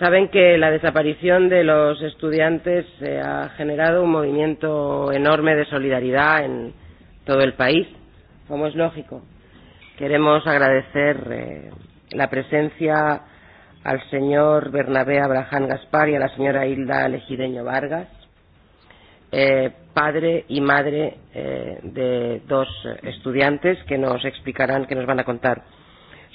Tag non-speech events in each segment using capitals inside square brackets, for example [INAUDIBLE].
Saben que la desaparición de los estudiantes se eh, ha generado un movimiento enorme de solidaridad en todo el país, como es lógico. Queremos agradecer eh, la presencia al señor Bernabé Abraham Gaspar y a la señora Hilda Legideño Vargas, eh, padre y madre eh, de dos estudiantes que nos explicarán, que nos van a contar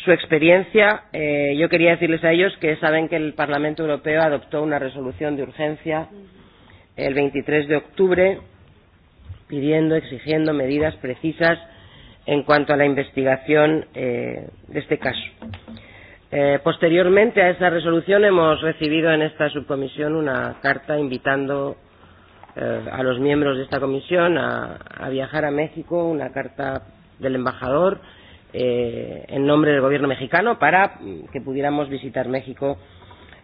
su experiencia. Eh, yo quería decirles a ellos que saben que el Parlamento Europeo adoptó una resolución de urgencia el 23 de octubre pidiendo, exigiendo medidas precisas en cuanto a la investigación eh, de este caso. Eh, posteriormente a esa resolución hemos recibido en esta subcomisión una carta invitando eh, a los miembros de esta comisión a, a viajar a México, una carta del embajador eh, en nombre del gobierno mexicano para mm, que pudiéramos visitar México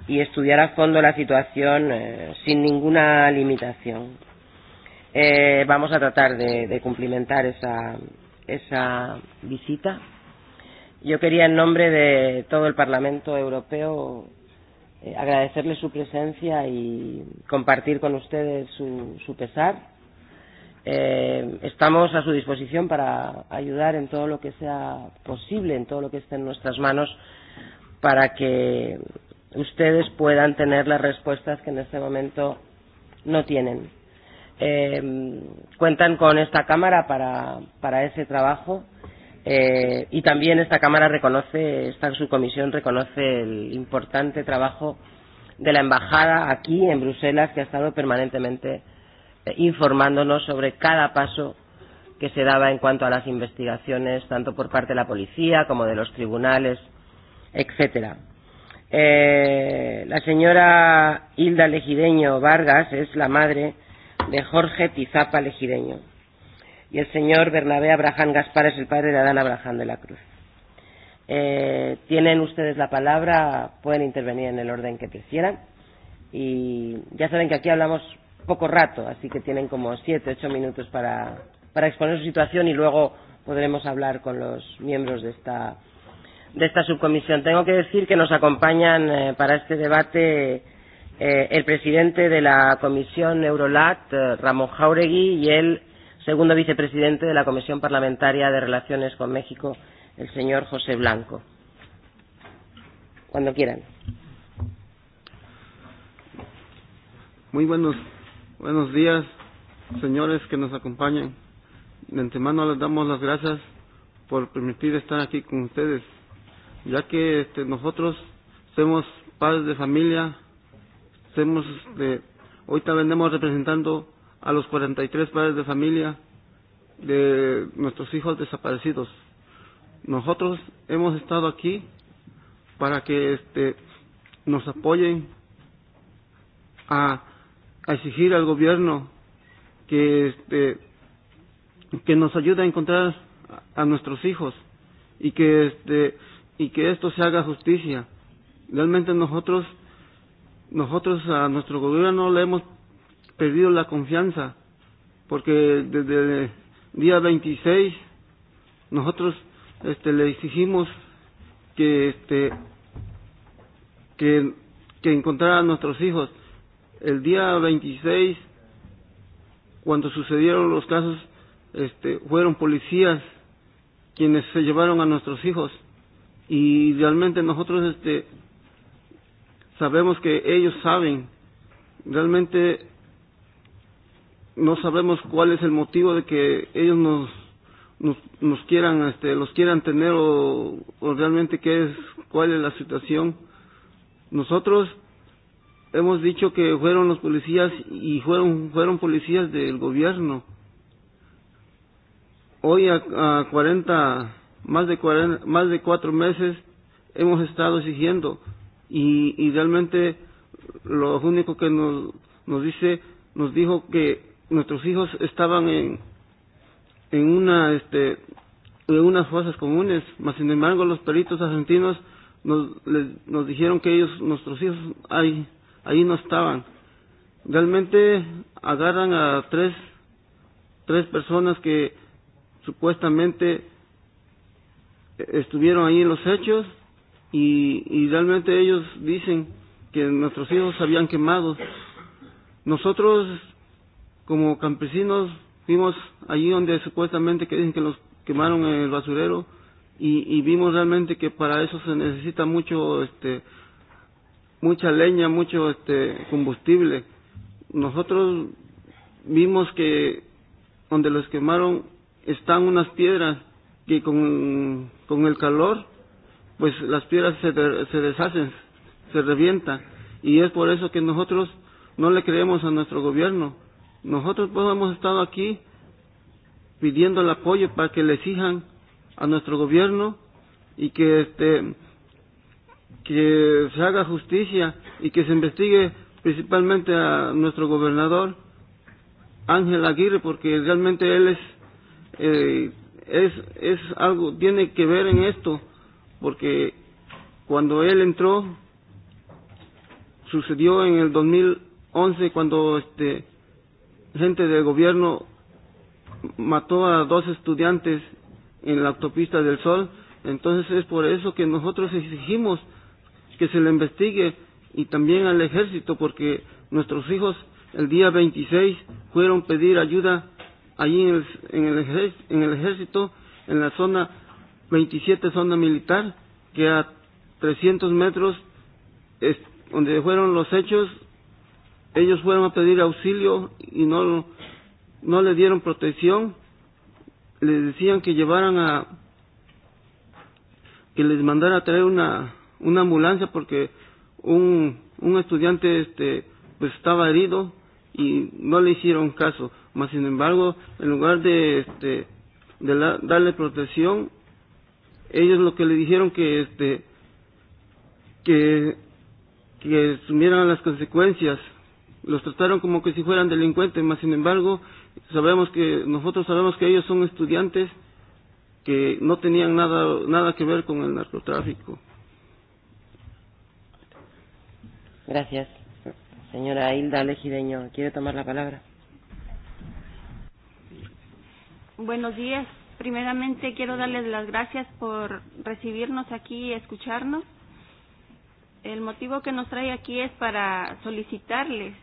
y estudiar a fondo la situación eh, sin ninguna limitación. Eh, vamos a tratar de, de cumplimentar esa, esa visita. Yo quería, en nombre de todo el Parlamento Europeo, eh, agradecerle su presencia y compartir con ustedes su, su pesar eh, estamos a su disposición para ayudar en todo lo que sea posible, en todo lo que esté en nuestras manos, para que ustedes puedan tener las respuestas que en este momento no tienen. Eh, cuentan con esta Cámara para, para ese trabajo eh, y también esta Cámara reconoce, esta subcomisión reconoce el importante trabajo de la Embajada aquí en Bruselas que ha estado permanentemente informándonos sobre cada paso que se daba en cuanto a las investigaciones, tanto por parte de la policía como de los tribunales, etcétera. Eh, la señora Hilda Legideño Vargas es la madre de Jorge Tizapa Legideño y el señor Bernabé Abraham Gaspar es el padre de Adán Abraham de la Cruz. Eh, tienen ustedes la palabra, pueden intervenir en el orden que prefieran. Y ya saben que aquí hablamos poco rato, así que tienen como siete, ocho minutos para, para exponer su situación y luego podremos hablar con los miembros de esta, de esta subcomisión. Tengo que decir que nos acompañan eh, para este debate eh, el presidente de la Comisión Eurolat, eh, Ramón Jauregui, y el segundo vicepresidente de la Comisión Parlamentaria de Relaciones con México, el señor José Blanco. Cuando quieran. Muy buenos Buenos días, señores que nos acompañan. De antemano les damos las gracias por permitir estar aquí con ustedes, ya que este, nosotros somos padres de familia, somos de, ahorita venimos representando a los 43 padres de familia de nuestros hijos desaparecidos. Nosotros hemos estado aquí para que este, nos apoyen a a exigir al gobierno que, este, que nos ayude a encontrar a nuestros hijos y que, este, y que esto se haga justicia. Realmente nosotros, nosotros a nuestro gobierno le hemos perdido la confianza porque desde el día 26 nosotros este, le exigimos que, este, que, que encontrara a nuestros hijos el día 26, cuando sucedieron los casos, este, fueron policías quienes se llevaron a nuestros hijos y realmente nosotros este, sabemos que ellos saben, realmente no sabemos cuál es el motivo de que ellos nos nos, nos quieran este los quieran tener o, o realmente qué es cuál es la situación nosotros hemos dicho que fueron los policías y fueron, fueron policías del gobierno. Hoy a, a 40, más de, 40, más de cuatro meses hemos estado exigiendo y, y realmente lo único que nos, nos dice, nos dijo que nuestros hijos estaban en, en una, este, en unas fosas comunes, mas sin embargo los peritos argentinos nos, les, nos dijeron que ellos, nuestros hijos, hay ahí no estaban. Realmente agarran a tres, tres personas que supuestamente eh, estuvieron ahí en los hechos y, y realmente ellos dicen que nuestros hijos habían quemados. Nosotros como campesinos vimos allí donde supuestamente que dicen que los quemaron en el basurero y, y vimos realmente que para eso se necesita mucho este mucha leña, mucho este, combustible. Nosotros vimos que donde los quemaron están unas piedras que con, con el calor, pues las piedras se, de, se deshacen, se revientan. Y es por eso que nosotros no le creemos a nuestro gobierno. Nosotros pues hemos estado aquí pidiendo el apoyo para que le exijan a nuestro gobierno y que este que se haga justicia y que se investigue principalmente a nuestro gobernador Ángel Aguirre porque realmente él es eh, es es algo tiene que ver en esto porque cuando él entró sucedió en el 2011 cuando este gente del gobierno mató a dos estudiantes en la autopista del Sol entonces es por eso que nosotros exigimos que se le investigue y también al ejército porque nuestros hijos el día 26 fueron pedir ayuda allí en el, en el, ejército, en el ejército en la zona 27 zona militar que a 300 metros es donde fueron los hechos ellos fueron a pedir auxilio y no no le dieron protección les decían que llevaran a que les mandara a traer una una ambulancia porque un, un estudiante este, pues estaba herido y no le hicieron caso. Mas sin embargo, en lugar de, este, de la, darle protección, ellos lo que le dijeron que este que que asumieran las consecuencias. Los trataron como que si fueran delincuentes, mas sin embargo, sabemos que nosotros sabemos que ellos son estudiantes que no tenían nada nada que ver con el narcotráfico. Gracias. Señora Hilda Legideño, ¿quiere tomar la palabra? Buenos días. Primeramente quiero darles las gracias por recibirnos aquí y escucharnos. El motivo que nos trae aquí es para solicitarles,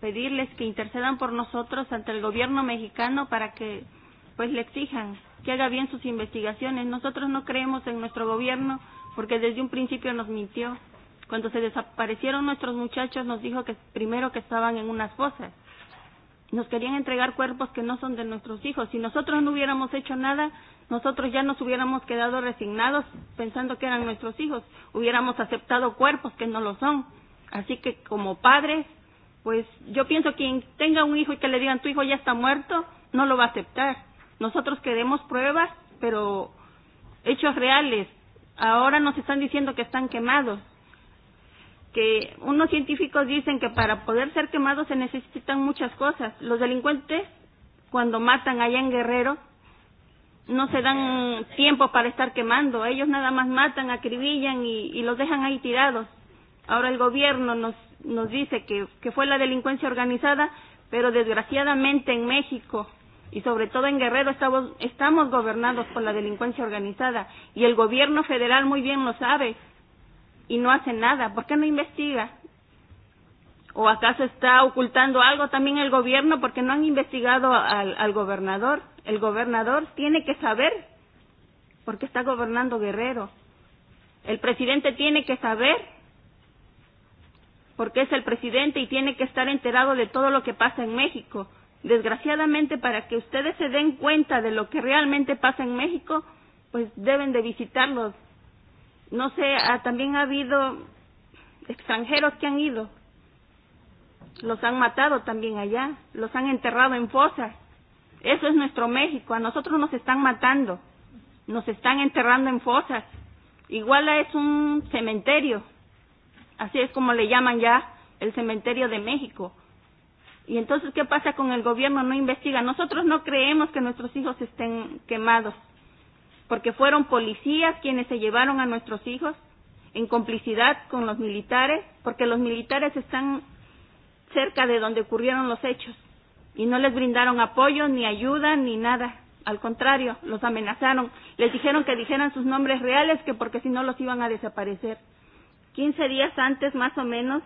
pedirles que intercedan por nosotros ante el gobierno mexicano para que pues le exijan que haga bien sus investigaciones. Nosotros no creemos en nuestro gobierno porque desde un principio nos mintió. Cuando se desaparecieron nuestros muchachos nos dijo que primero que estaban en unas fosas. Nos querían entregar cuerpos que no son de nuestros hijos. Si nosotros no hubiéramos hecho nada, nosotros ya nos hubiéramos quedado resignados pensando que eran nuestros hijos. Hubiéramos aceptado cuerpos que no lo son. Así que como padres, pues yo pienso que quien tenga un hijo y que le digan tu hijo ya está muerto, no lo va a aceptar. Nosotros queremos pruebas, pero hechos reales. Ahora nos están diciendo que están quemados que unos científicos dicen que para poder ser quemados se necesitan muchas cosas. Los delincuentes, cuando matan allá en Guerrero, no se dan tiempo para estar quemando. Ellos nada más matan, acribillan y, y los dejan ahí tirados. Ahora el gobierno nos, nos dice que, que fue la delincuencia organizada, pero desgraciadamente en México y sobre todo en Guerrero estamos, estamos gobernados por la delincuencia organizada y el gobierno federal muy bien lo sabe y no hace nada? ¿Por qué no investiga? ¿O acaso está ocultando algo también el gobierno porque no han investigado al, al gobernador? El gobernador tiene que saber porque está gobernando Guerrero. El presidente tiene que saber porque es el presidente y tiene que estar enterado de todo lo que pasa en México. Desgraciadamente, para que ustedes se den cuenta de lo que realmente pasa en México, pues deben de visitarlos no sé, ha ah, también ha habido extranjeros que han ido, los han matado también allá, los han enterrado en fosas. Eso es nuestro México, a nosotros nos están matando, nos están enterrando en fosas. Iguala es un cementerio, así es como le llaman ya el cementerio de México. Y entonces, ¿qué pasa con el gobierno? No investiga. Nosotros no creemos que nuestros hijos estén quemados porque fueron policías quienes se llevaron a nuestros hijos en complicidad con los militares, porque los militares están cerca de donde ocurrieron los hechos y no les brindaron apoyo, ni ayuda, ni nada. Al contrario, los amenazaron, les dijeron que dijeran sus nombres reales, que porque si no los iban a desaparecer. Quince días antes, más o menos,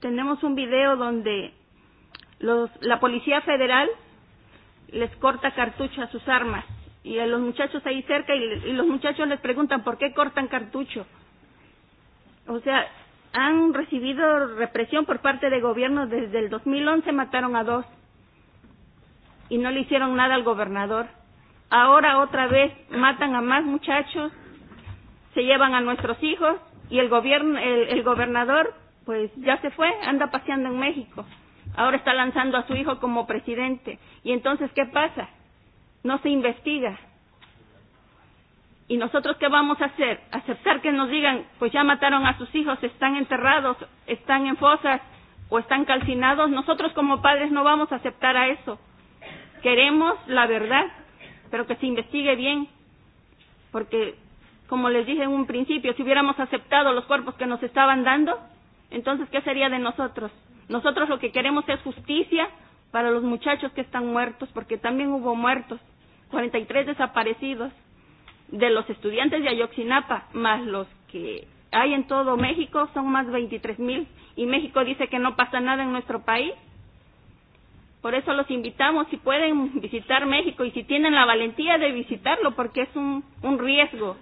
tenemos un video donde los, la Policía Federal les corta cartucho a sus armas y a los muchachos ahí cerca y, y los muchachos les preguntan por qué cortan cartucho. O sea, han recibido represión por parte del gobierno desde el 2011 mataron a dos y no le hicieron nada al gobernador. Ahora otra vez matan a más muchachos, se llevan a nuestros hijos y el gobierno el, el gobernador pues ya se fue, anda paseando en México. Ahora está lanzando a su hijo como presidente. ¿Y entonces qué pasa? no se investiga. ¿Y nosotros qué vamos a hacer? ¿Aceptar que nos digan, pues ya mataron a sus hijos, están enterrados, están en fosas o están calcinados? Nosotros como padres no vamos a aceptar a eso. Queremos la verdad, pero que se investigue bien. Porque, como les dije en un principio, si hubiéramos aceptado los cuerpos que nos estaban dando, entonces, ¿qué sería de nosotros? Nosotros lo que queremos es justicia para los muchachos que están muertos, porque también hubo muertos 43 desaparecidos de los estudiantes de Ayoxinapa, más los que hay en todo México, son más 23 mil. Y México dice que no pasa nada en nuestro país. Por eso los invitamos, si pueden visitar México y si tienen la valentía de visitarlo, porque es un, un riesgo.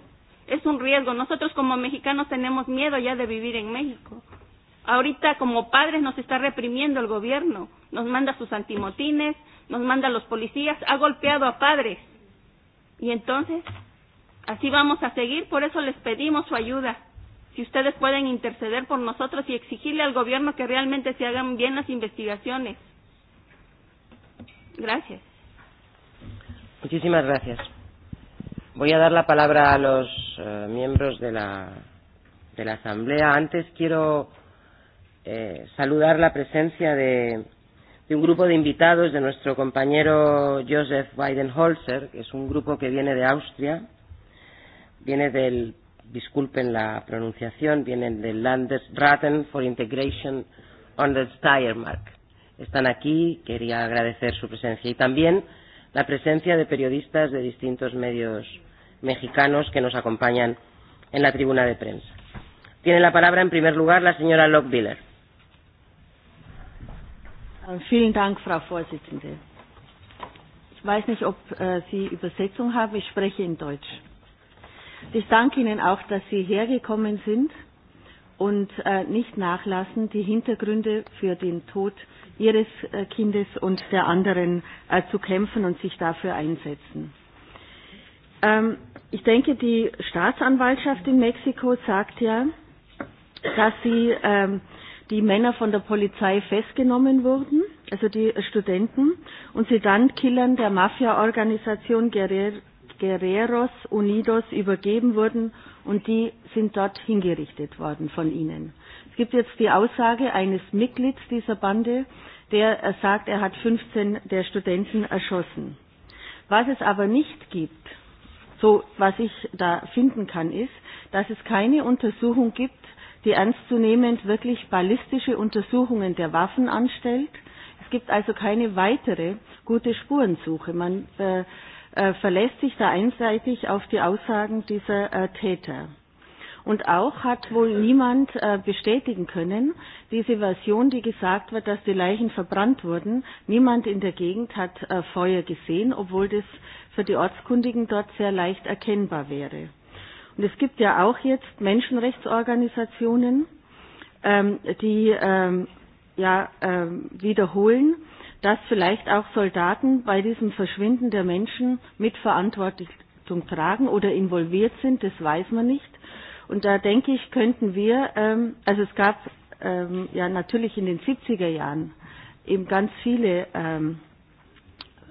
Es un riesgo. Nosotros como mexicanos tenemos miedo ya de vivir en México. Ahorita como padres nos está reprimiendo el gobierno. Nos manda sus antimotines, nos manda a los policías, ha golpeado a padres. Y entonces, así vamos a seguir, por eso les pedimos su ayuda. Si ustedes pueden interceder por nosotros y exigirle al gobierno que realmente se hagan bien las investigaciones. Gracias. Muchísimas gracias. Voy a dar la palabra a los uh miembros de la, de la Asamblea. Antes quiero eh, saludar la presencia de de un grupo de invitados de nuestro compañero Joseph Weidenholzer, que es un grupo que viene de Austria, viene del, disculpen la pronunciación, viene del Landesraten for Integration on the Steiermark. Están aquí, quería agradecer su presencia y también la presencia de periodistas de distintos medios mexicanos que nos acompañan en la tribuna de prensa. Tiene la palabra en primer lugar la señora Lockbiller. Äh, vielen Dank, Frau Vorsitzende. Ich weiß nicht, ob äh, Sie Übersetzung haben. Ich spreche in Deutsch. Ich danke Ihnen auch, dass Sie hergekommen sind und äh, nicht nachlassen, die Hintergründe für den Tod Ihres äh, Kindes und der anderen äh, zu kämpfen und sich dafür einsetzen. Ähm, ich denke, die Staatsanwaltschaft in Mexiko sagt ja, dass sie äh, die Männer von der Polizei festgenommen wurden, also die Studenten, und sie dann Killern der Mafia-Organisation Guerrero, Guerreros Unidos übergeben wurden und die sind dort hingerichtet worden von ihnen. Es gibt jetzt die Aussage eines Mitglieds dieser Bande, der äh, sagt, er hat 15 der Studenten erschossen. Was es aber nicht gibt, so was ich da finden kann, ist, dass es keine Untersuchung gibt die ernstzunehmend wirklich ballistische Untersuchungen der Waffen anstellt. Es gibt also keine weitere gute Spurensuche. Man äh, äh, verlässt sich da einseitig auf die Aussagen dieser äh, Täter. Und auch hat wohl niemand äh, bestätigen können, diese Version, die gesagt wird, dass die Leichen verbrannt wurden. Niemand in der Gegend hat äh, Feuer gesehen, obwohl das für die Ortskundigen dort sehr leicht erkennbar wäre. Und es gibt ja auch jetzt Menschenrechtsorganisationen, ähm, die ähm, ja, ähm, wiederholen, dass vielleicht auch Soldaten bei diesem Verschwinden der Menschen Mitverantwortung tragen oder involviert sind, das weiß man nicht. Und da denke ich, könnten wir, ähm, also es gab ähm, ja natürlich in den 70er Jahren eben ganz viele ähm,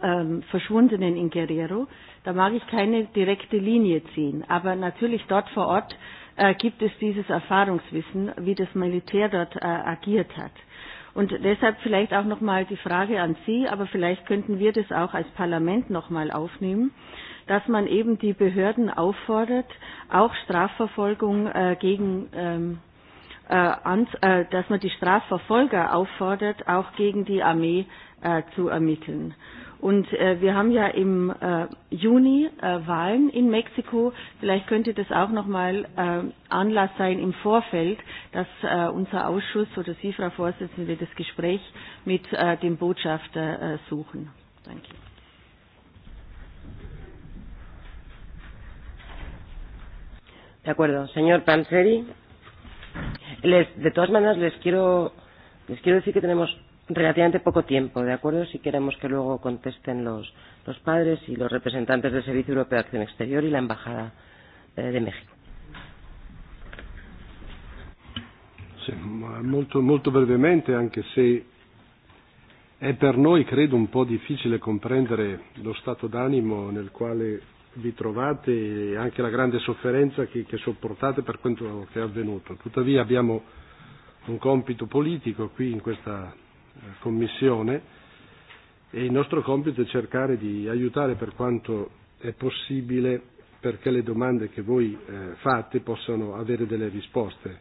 ähm, Verschwundenen in Guerrero, Da mag ich keine direkte Linie ziehen. Aber natürlich dort vor Ort äh, gibt es dieses Erfahrungswissen, wie das Militär dort äh, agiert hat. Und deshalb vielleicht auch noch mal die Frage an Sie, aber vielleicht könnten wir das auch als Parlament noch mal aufnehmen, dass man eben die Behörden auffordert, auch Strafverfolgung äh, gegen ähm, äh, an, äh, dass man die Strafverfolger auffordert, auch gegen die Armee äh, zu ermitteln. Und äh, wir haben ja im äh, Juni äh, Wahlen in Mexiko. Vielleicht könnte das auch nochmal äh, Anlass sein im Vorfeld, dass äh, unser Ausschuss oder Sie, Frau Vorsitzende, das Gespräch mit äh, dem Botschafter äh, suchen. Danke. De acuerdo, señor Panseri. Les, de todas maneras, les quiero, les quiero decir que tenemos relativamente poco tiempo, ¿de acuerdo? Si queremos que luego contesten los, los padres y los representantes del Servicio Europeo de Acción Exterior y la Embajada eh, de México. Sì, ma molto, molto brevemente, anche se è per noi credo un po' difficile comprendere lo stato d'animo nel quale vi trovate e anche la grande sofferenza che, che sopportate per quanto che è avvenuto. Tuttavia abbiamo un compito politico qui in questa Commissione e il nostro compito è cercare di aiutare per quanto è possibile perché le domande che voi eh, fate possano avere delle risposte.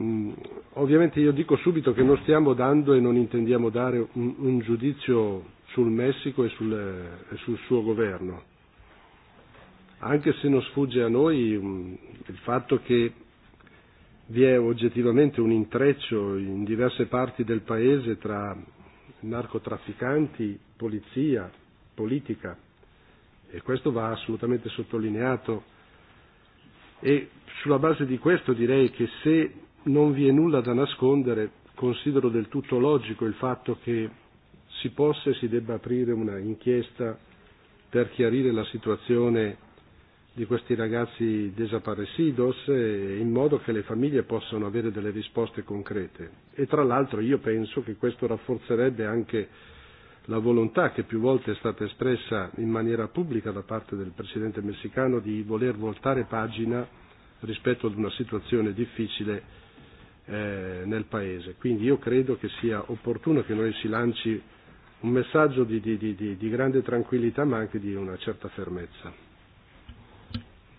Mm, ovviamente io dico subito che non stiamo dando e non intendiamo dare un, un giudizio sul Messico e sul, e sul suo governo, anche se non sfugge a noi um, il fatto che vi è oggettivamente un intreccio in diverse parti del paese tra narcotrafficanti, polizia, politica e questo va assolutamente sottolineato e sulla base di questo direi che se non vi è nulla da nascondere considero del tutto logico il fatto che si possa e si debba aprire una inchiesta per chiarire la situazione di questi ragazzi desaparecidos eh, in modo che le famiglie possano avere delle risposte concrete. E tra l'altro io penso che questo rafforzerebbe anche la volontà che più volte è stata espressa in maniera pubblica da parte del Presidente messicano di voler voltare pagina rispetto ad una situazione difficile eh, nel Paese. Quindi io credo che sia opportuno che noi si lanci un messaggio di, di, di, di grande tranquillità ma anche di una certa fermezza.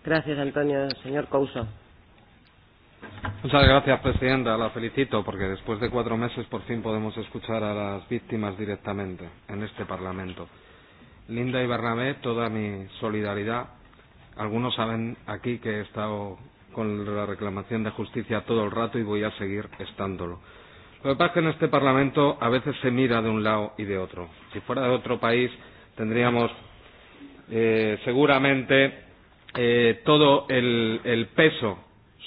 Gracias, Antonio. Señor Couso. Muchas gracias, Presidenta. La felicito porque después de cuatro meses por fin podemos escuchar a las víctimas directamente en este Parlamento. Linda y Bernabé, toda mi solidaridad. Algunos saben aquí que he estado con la reclamación de justicia todo el rato y voy a seguir estándolo. Lo que pasa es que en este Parlamento a veces se mira de un lado y de otro. Si fuera de otro país tendríamos eh, seguramente eh, todo el, el peso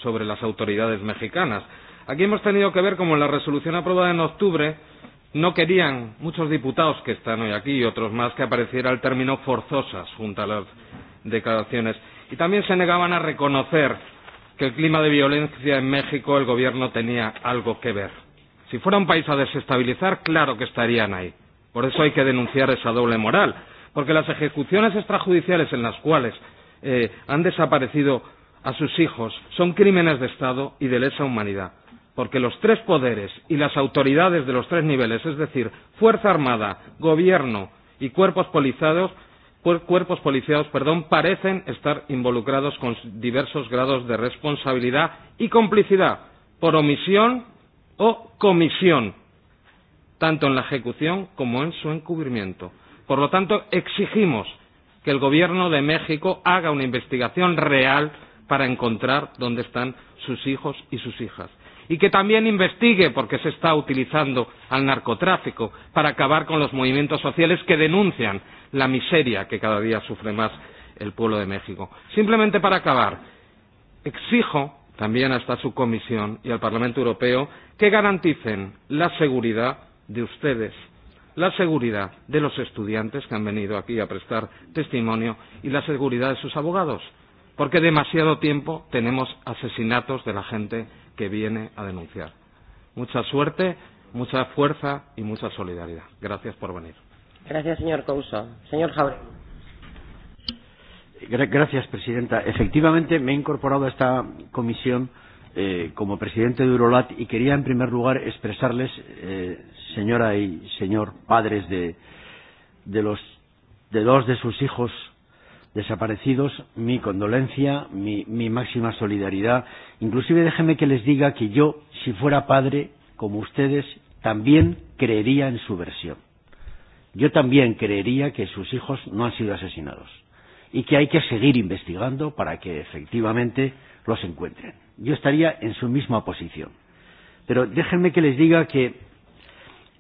sobre las autoridades mexicanas. Aquí hemos tenido que ver como en la resolución aprobada en octubre no querían muchos diputados que están hoy aquí y otros más que apareciera el término forzosas junto a las declaraciones. Y también se negaban a reconocer que el clima de violencia en México el gobierno tenía algo que ver. Si fuera un país a desestabilizar, claro que estarían ahí. Por eso hay que denunciar esa doble moral, porque las ejecuciones extrajudiciales en las cuales eh, han desaparecido a sus hijos son crímenes de Estado y de lesa humanidad, porque los tres poderes y las autoridades de los tres niveles, es decir, Fuerza Armada, Gobierno y cuerpos policiados, cuerpos policiados perdón, parecen estar involucrados con diversos grados de responsabilidad y complicidad por omisión o comisión, tanto en la ejecución como en su encubrimiento. Por lo tanto, exigimos que el gobierno de México haga una investigación real para encontrar dónde están sus hijos y sus hijas. Y que también investigue por qué se está utilizando al narcotráfico para acabar con los movimientos sociales que denuncian la miseria que cada día sufre más el pueblo de México. Simplemente para acabar, exijo también a esta subcomisión y al Parlamento Europeo que garanticen la seguridad de ustedes la seguridad de los estudiantes que han venido aquí a prestar testimonio y la seguridad de sus abogados, porque demasiado tiempo tenemos asesinatos de la gente que viene a denunciar. Mucha suerte, mucha fuerza y mucha solidaridad. Gracias por venir. Gracias, señor Couso. Señor Jauregui. Gracias, presidenta. Efectivamente, me he incorporado a esta comisión eh, como presidente de Eurolat y quería en primer lugar expresarles, eh, señora y señor padres de, de, los, de dos de sus hijos desaparecidos, mi condolencia, mi, mi máxima solidaridad. Inclusive déjeme que les diga que yo, si fuera padre, como ustedes, también creería en su versión. Yo también creería que sus hijos no han sido asesinados y que hay que seguir investigando para que efectivamente los encuentren yo estaría en su misma posición. Pero déjenme que les diga que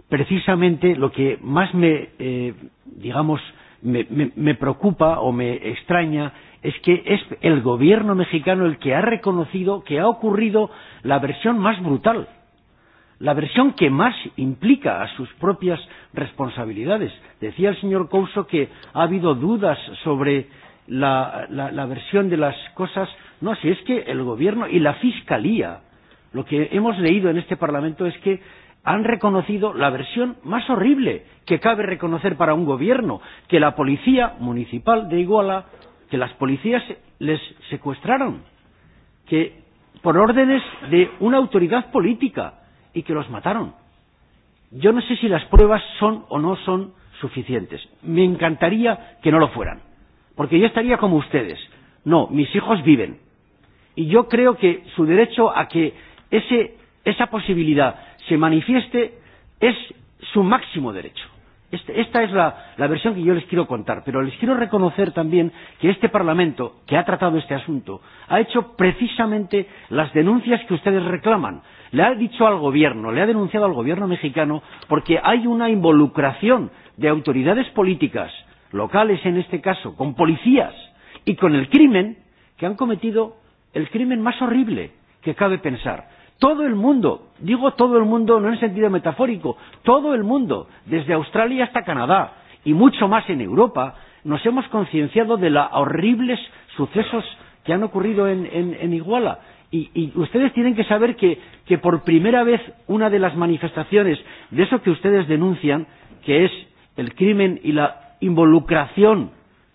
precisamente lo que más me, eh, digamos, me, me, me preocupa o me extraña es que es el gobierno mexicano el que ha reconocido que ha ocurrido la versión más brutal, la versión que más implica a sus propias responsabilidades. Decía el señor Couso que ha habido dudas sobre la, la, la versión de las cosas. No, si es que el gobierno y la fiscalía, lo que hemos leído en este Parlamento es que han reconocido la versión más horrible que cabe reconocer para un gobierno, que la policía municipal de Iguala, que las policías les secuestraron, que por órdenes de una autoridad política y que los mataron. Yo no sé si las pruebas son o no son suficientes. Me encantaría que no lo fueran porque yo estaría como ustedes. No, mis hijos viven. Y yo creo que su derecho a que ese, esa posibilidad se manifieste es su máximo derecho. Este, esta es la, la versión que yo les quiero contar, pero les quiero reconocer también que este Parlamento, que ha tratado este asunto, ha hecho precisamente las denuncias que ustedes reclaman. Le ha dicho al Gobierno, le ha denunciado al Gobierno mexicano porque hay una involucración de autoridades políticas locales en este caso, con policías y con el crimen, que han cometido el crimen más horrible que cabe pensar. Todo el mundo, digo todo el mundo no en sentido metafórico, todo el mundo, desde Australia hasta Canadá y mucho más en Europa, nos hemos concienciado de los horribles sucesos que han ocurrido en, en, en Iguala. Y, y ustedes tienen que saber que, que por primera vez una de las manifestaciones de eso que ustedes denuncian, que es el crimen y la involucración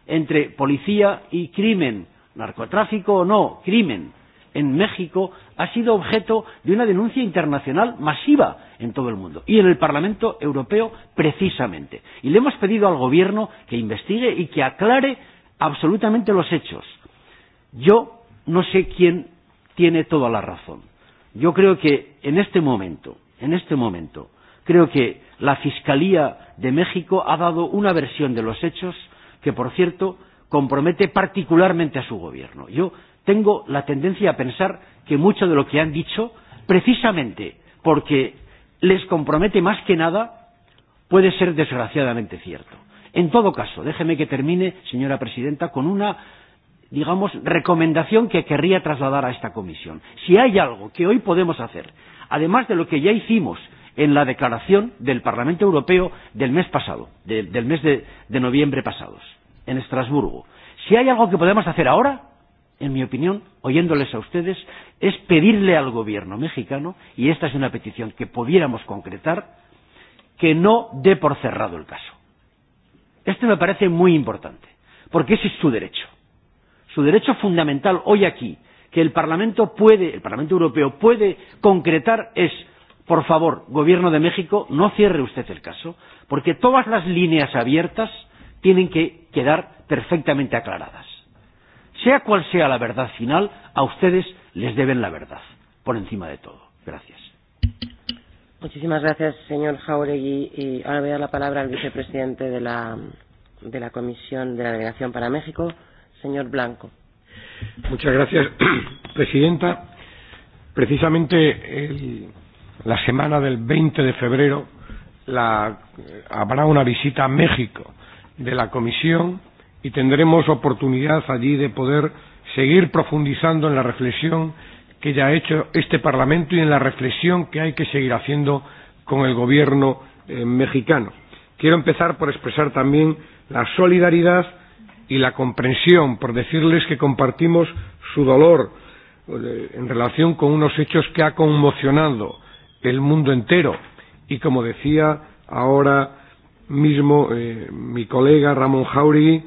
entre policía y crimen, narcotráfico o no, crimen, en México ha sido objeto de una denuncia internacional masiva en todo el mundo y en el Parlamento Europeo precisamente. Y le hemos pedido al Gobierno que investigue y que aclare absolutamente los hechos. Yo no sé quién tiene toda la razón. Yo creo que en este momento, en este momento, creo que la Fiscalía de México ha dado una versión de los hechos que, por cierto, compromete particularmente a su gobierno. Yo tengo la tendencia a pensar que mucho de lo que han dicho, precisamente porque les compromete más que nada, puede ser desgraciadamente cierto. En todo caso, déjeme que termine, señora presidenta, con una, digamos, recomendación que querría trasladar a esta comisión. Si hay algo que hoy podemos hacer, además de lo que ya hicimos en la declaración del Parlamento Europeo del mes pasado, de, del mes de, de noviembre pasados, en Estrasburgo. Si hay algo que podemos hacer ahora, en mi opinión, oyéndoles a ustedes, es pedirle al gobierno mexicano, y esta es una petición que pudiéramos concretar, que no dé por cerrado el caso. Este me parece muy importante, porque ese es su derecho. Su derecho fundamental hoy aquí, que el Parlamento puede, el Parlamento Europeo puede concretar es Por favor, Gobierno de México, no cierre usted el caso, porque todas las líneas abiertas tienen que quedar perfectamente aclaradas. Sea cual sea la verdad final, a ustedes les deben la verdad, por encima de todo. Gracias. Muchísimas gracias, señor Jauregui. Y ahora voy a dar la palabra al vicepresidente de la, de la Comisión de la Delegación para México, señor Blanco. Muchas gracias, [CLEARS THROAT] presidenta. Precisamente el la semana del 20 de febrero la, habrá una visita a México de la Comisión y tendremos oportunidad allí de poder seguir profundizando en la reflexión que ya ha hecho este Parlamento y en la reflexión que hay que seguir haciendo con el Gobierno eh, mexicano. Quiero empezar por expresar también la solidaridad y la comprensión, por decirles que compartimos su dolor eh, en relación con unos hechos que ha conmocionado el mundo entero. Y como decía ahora mismo eh, mi colega Ramón Jauregui,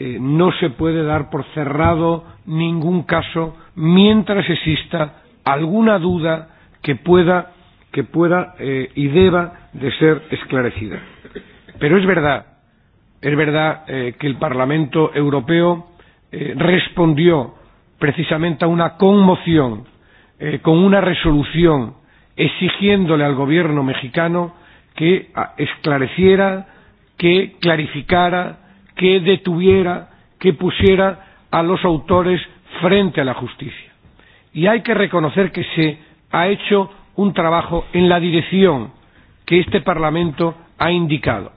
eh, no se puede dar por cerrado ningún caso mientras exista alguna duda que pueda, que pueda eh, y deba de ser esclarecida. Pero es verdad, es verdad eh, que el Parlamento Europeo eh, respondió precisamente a una conmoción eh, con una resolución exigiéndole al gobierno mexicano que ah, esclareciera, que clarificara, que detuviera, que pusiera a los autores frente a la justicia. Y hay que reconocer que se ha hecho un trabajo en la dirección que este Parlamento ha indicado.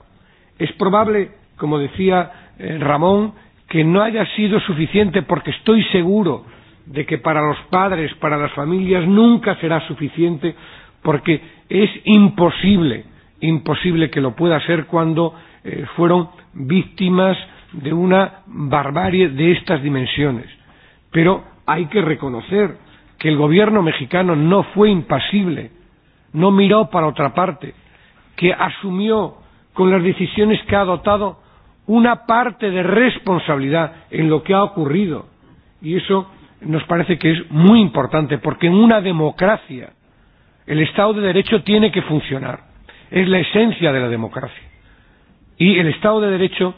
Es probable, como decía eh, Ramón, que no haya sido suficiente porque estoy seguro de que para los padres, para las familias, nunca será suficiente porque es imposible, imposible que lo pueda ser cuando eh, fueron víctimas de una barbarie de estas dimensiones. Pero hay que reconocer que el gobierno mexicano no fue impasible, no miró para otra parte, que asumió con las decisiones que ha adoptado una parte de responsabilidad en lo que ha ocurrido. Y eso nos parece que es muy importante, porque en una democracia el Estado de Derecho tiene que funcionar. Es la esencia de la democracia. Y el Estado de Derecho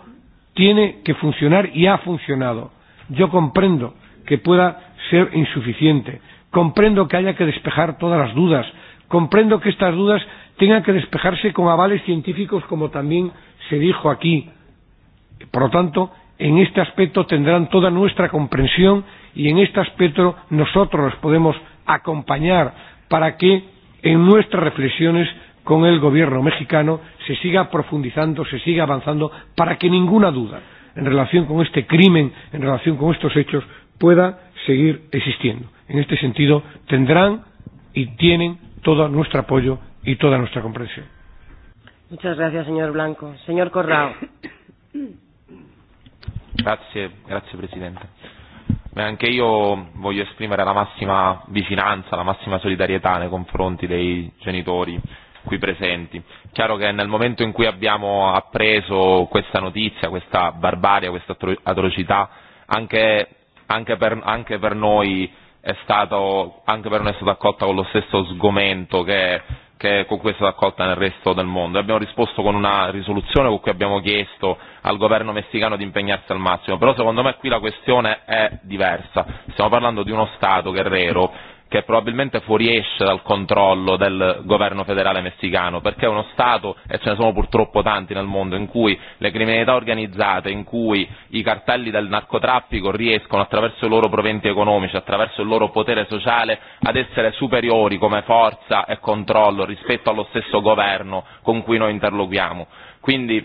tiene que funcionar y ha funcionado. Yo comprendo que pueda ser insuficiente, comprendo que haya que despejar todas las dudas, comprendo que estas dudas tengan que despejarse con avales científicos, como también se dijo aquí. Por lo tanto, en este aspecto tendrán toda nuestra comprensión y en este aspecto nosotros los podemos acompañar para que en nuestras reflexiones con el gobierno mexicano se siga profundizando, se siga avanzando para que ninguna duda en relación con este crimen, en relación con estos hechos, pueda seguir existiendo. En este sentido, tendrán y tienen todo nuestro apoyo y toda nuestra comprensión. Muchas gracias, señor Blanco. Señor Corrao. Gracias, gracias, Presidente anche io voglio esprimere la massima vicinanza, la massima solidarietà nei confronti dei genitori qui presenti. Chiaro che nel momento in cui abbiamo appreso questa notizia, questa barbaria, questa atrocità, anche, anche, per, anche per noi è stato, anche per noi è stata accolta con lo stesso sgomento che che con cui è accolta nel resto del mondo. Abbiamo risposto con una risoluzione con cui abbiamo chiesto al governo messicano di impegnarsi al massimo, però secondo me qui la questione è diversa. Stiamo parlando di uno Stato, Guerrero, che probabilmente fuoriesce dal controllo del governo federale messicano, perché è uno Stato, e ce ne sono purtroppo tanti nel mondo, in cui le criminalità organizzate, in cui i cartelli del narcotraffico riescono attraverso i loro proventi economici, attraverso il loro potere sociale, ad essere superiori come forza e controllo rispetto allo stesso governo con cui noi interloquiamo. Quindi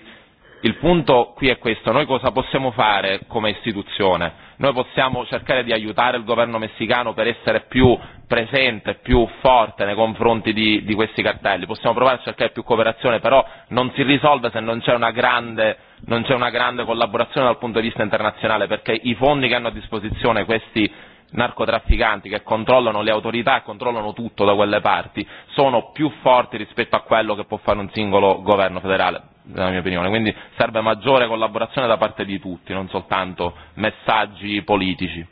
il punto qui è questo, noi cosa possiamo fare come istituzione? Noi possiamo cercare di aiutare il governo messicano per essere più presente, più forte nei confronti di, di questi cartelli, possiamo provare a cercare più cooperazione, però non si risolve se non c'è una grande, non c'è una grande collaborazione dal punto di vista internazionale, perché i fondi che hanno a disposizione questi narcotrafficanti che controllano le autorità e controllano tutto da quelle parti sono più forti rispetto a quello che può fare un singolo governo federale, nella mia opinione. Quindi serve maggiore collaborazione da parte di tutti, non soltanto messaggi politici.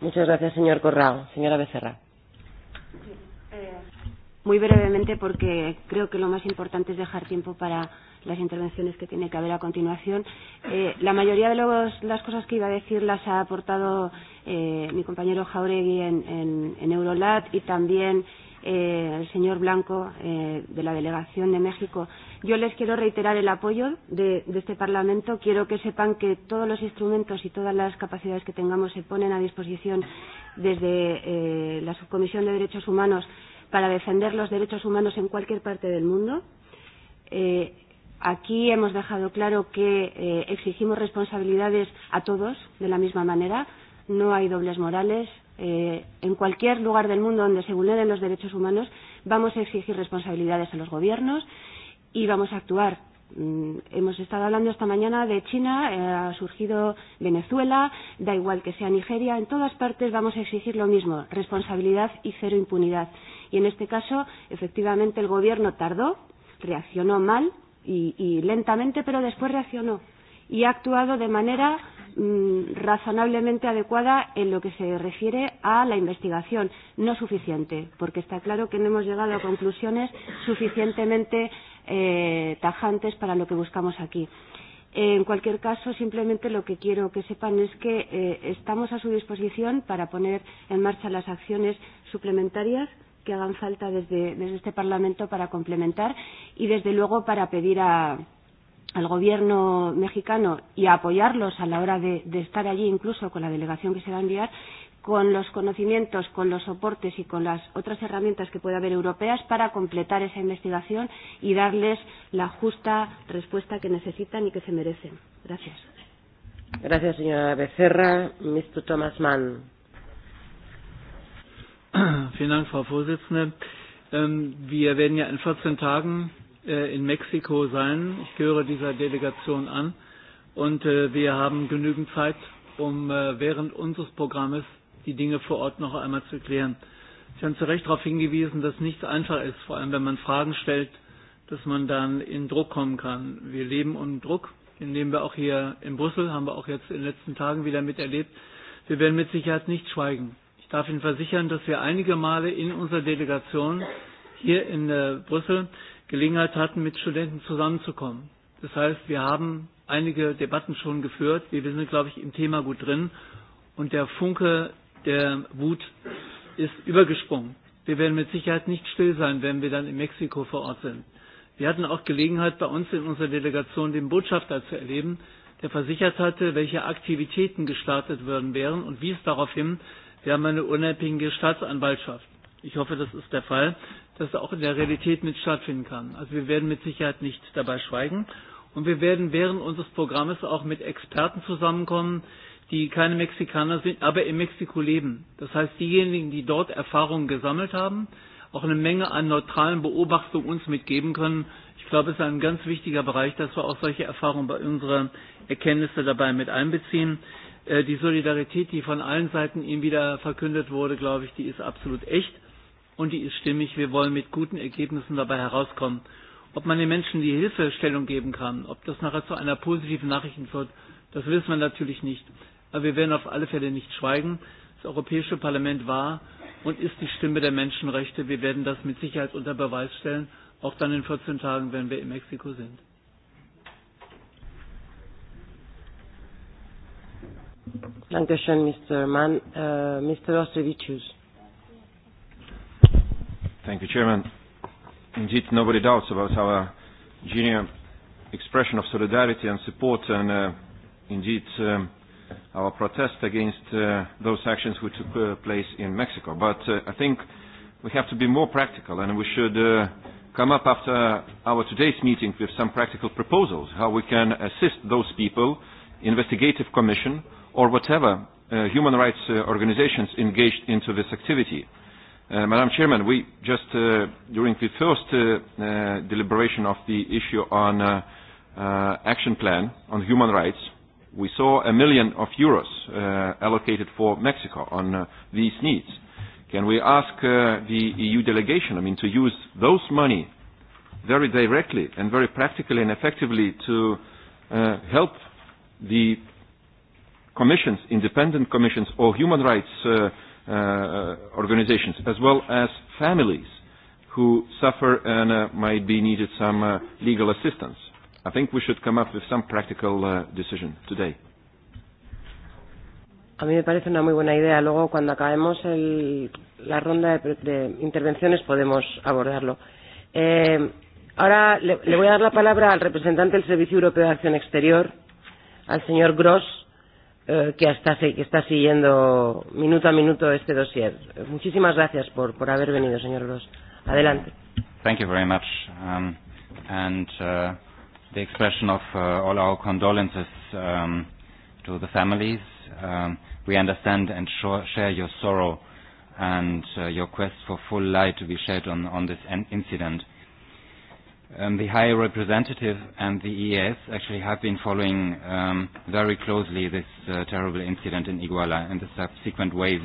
Muchas gracias, señor Corrao. Señora Becerra muy brevemente porque creo que lo más importante es dejar tiempo para las intervenciones que tiene que haber a continuación. Eh, la mayoría de los, las cosas que iba a decir las ha aportado eh, mi compañero Jauregui en, en, en Eurolat y también eh, el señor Blanco eh, de la Delegación de México. Yo les quiero reiterar el apoyo de, de este Parlamento. Quiero que sepan que todos los instrumentos y todas las capacidades que tengamos se ponen a disposición desde eh, la Subcomisión de Derechos Humanos para defender los derechos humanos en cualquier parte del mundo. Eh, aquí hemos dejado claro que eh, exigimos responsabilidades a todos de la misma manera. No hay dobles morales. Eh, en cualquier lugar del mundo donde se vulneren los derechos humanos vamos a exigir responsabilidades a los gobiernos y vamos a actuar Mm, hemos estado hablando esta mañana de China, eh, ha surgido Venezuela, da igual que sea Nigeria, en todas partes vamos a exigir lo mismo, responsabilidad y cero impunidad. Y en este caso, efectivamente, el Gobierno tardó, reaccionó mal y, y lentamente, pero después reaccionó y ha actuado de manera mm, razonablemente adecuada en lo que se refiere a la investigación, no suficiente, porque está claro que no hemos llegado a conclusiones suficientemente eh, tajantes para lo que buscamos aquí. En cualquier caso, simplemente lo que quiero que sepan es que eh, estamos a su disposición para poner en marcha las acciones suplementarias que hagan falta desde, desde este Parlamento para complementar y, desde luego, para pedir a, al Gobierno mexicano y a apoyarlos a la hora de, de estar allí, incluso con la delegación que se va a enviar, con los conocimientos, con los soportes y con las otras herramientas que puede haber europeas para completar esa investigación y darles la justa respuesta que necesitan y que se merecen. Gracias. Gracias, señora Becerra. Mr. Thomas Mann. [CLEARS THROAT] Vielen Dank, Frau Vorsitzende. Ähm, wir werden ja in 14 Tagen äh, in Mexiko sein. Ich gehöre dieser Delegation an. Und äh, wir haben genügend Zeit, um äh, während unseres Programmes die Dinge vor Ort noch einmal zu klären. Sie haben zu Recht darauf hingewiesen, dass nichts einfach ist, vor allem wenn man Fragen stellt, dass man dann in Druck kommen kann. Wir leben unter Druck, den nehmen wir auch hier in Brüssel, haben wir auch jetzt in den letzten Tagen wieder miterlebt. Wir werden mit Sicherheit nicht schweigen. Ich darf Ihnen versichern, dass wir einige Male in unserer Delegation hier in äh, Brüssel Gelegenheit hatten, mit Studenten zusammenzukommen. Das heißt, wir haben einige Debatten schon geführt. Wir sind, glaube ich, im Thema gut drin. Und der Funke der Wut ist übergesprungen. Wir werden mit Sicherheit nicht still sein, wenn wir dann in Mexiko vor Ort sind. Wir hatten auch Gelegenheit, bei uns in unserer Delegation den Botschafter zu erleben, der versichert hatte, welche Aktivitäten gestartet werden wären und wies darauf hin, wir haben eine unabhängige Staatsanwaltschaft. Ich hoffe, das ist der Fall, dass er auch in der Realität mit stattfinden kann. Also wir werden mit Sicherheit nicht dabei schweigen. Und wir werden während unseres Programmes auch mit Experten zusammenkommen, die keine Mexikaner sind, aber in Mexiko leben. Das heißt, diejenigen, die dort Erfahrungen gesammelt haben, auch eine Menge an neutralen Beobachtungen uns mitgeben können. Ich glaube, es ist ein ganz wichtiger Bereich, dass wir auch solche Erfahrungen bei unseren Erkenntnissen dabei mit einbeziehen. Äh, die Solidarität, die von allen Seiten ihm wieder verkündet wurde, glaube ich, die ist absolut echt und die ist stimmig. Wir wollen mit guten Ergebnissen dabei herauskommen. Ob man den Menschen die Hilfestellung geben kann, ob das nachher zu einer positiven Nachricht wird, das wissen wir natürlich nicht. Aber wir werden auf alle Fälle nicht schweigen. Das Europäische Parlament war und ist die Stimme der Menschenrechte. Wir werden das mit Sicherheit unter Beweis stellen, auch dann in 14 Tagen, wenn wir in Mexiko sind. Dankeschön, Mr. Mann. Uh, äh, Mr. Ostrevicius. Thank you, Chairman. Indeed, nobody doubts about our genuine expression of solidarity and support and uh, indeed um, our protest against uh, those actions which took uh, place in Mexico. But uh, I think we have to be more practical and we should uh, come up after our today's meeting with some practical proposals, how we can assist those people, investigative commission, or whatever uh, human rights uh, organizations engaged into this activity. Uh, Madam Chairman, we just, uh, during the first uh, uh, deliberation of the issue on uh, uh, action plan on human rights, we saw a million of euros uh, allocated for Mexico on uh, these needs. Can we ask uh, the EU delegation, I mean, to use those money very directly and very practically and effectively to uh, help the commissions, independent commissions or human rights uh, uh, organizations, as well as families who suffer and uh, might be needed some uh, legal assistance. I think we should come up with some practical uh, decision today. A mí me parece una muy buena idea. Luego, cuando acabemos el, la ronda de, de intervenciones, podemos abordarlo. Eh, ahora le, le voy a dar la palabra al representante del Servicio Europeo de Acción Exterior, al señor Gross, eh, que, está, que está siguiendo minuto a minuto este dossier. Muchísimas gracias por, por haber venido, señor Gross. Adelante. Thank you very much. Um, and, uh the expression of uh, all our condolences um, to the families. Um, we understand and sh share your sorrow and uh, your quest for full light to be shed on, on this an incident. Um, the High Representative and the EAS actually have been following um, very closely this uh, terrible incident in Iguala and the subsequent waves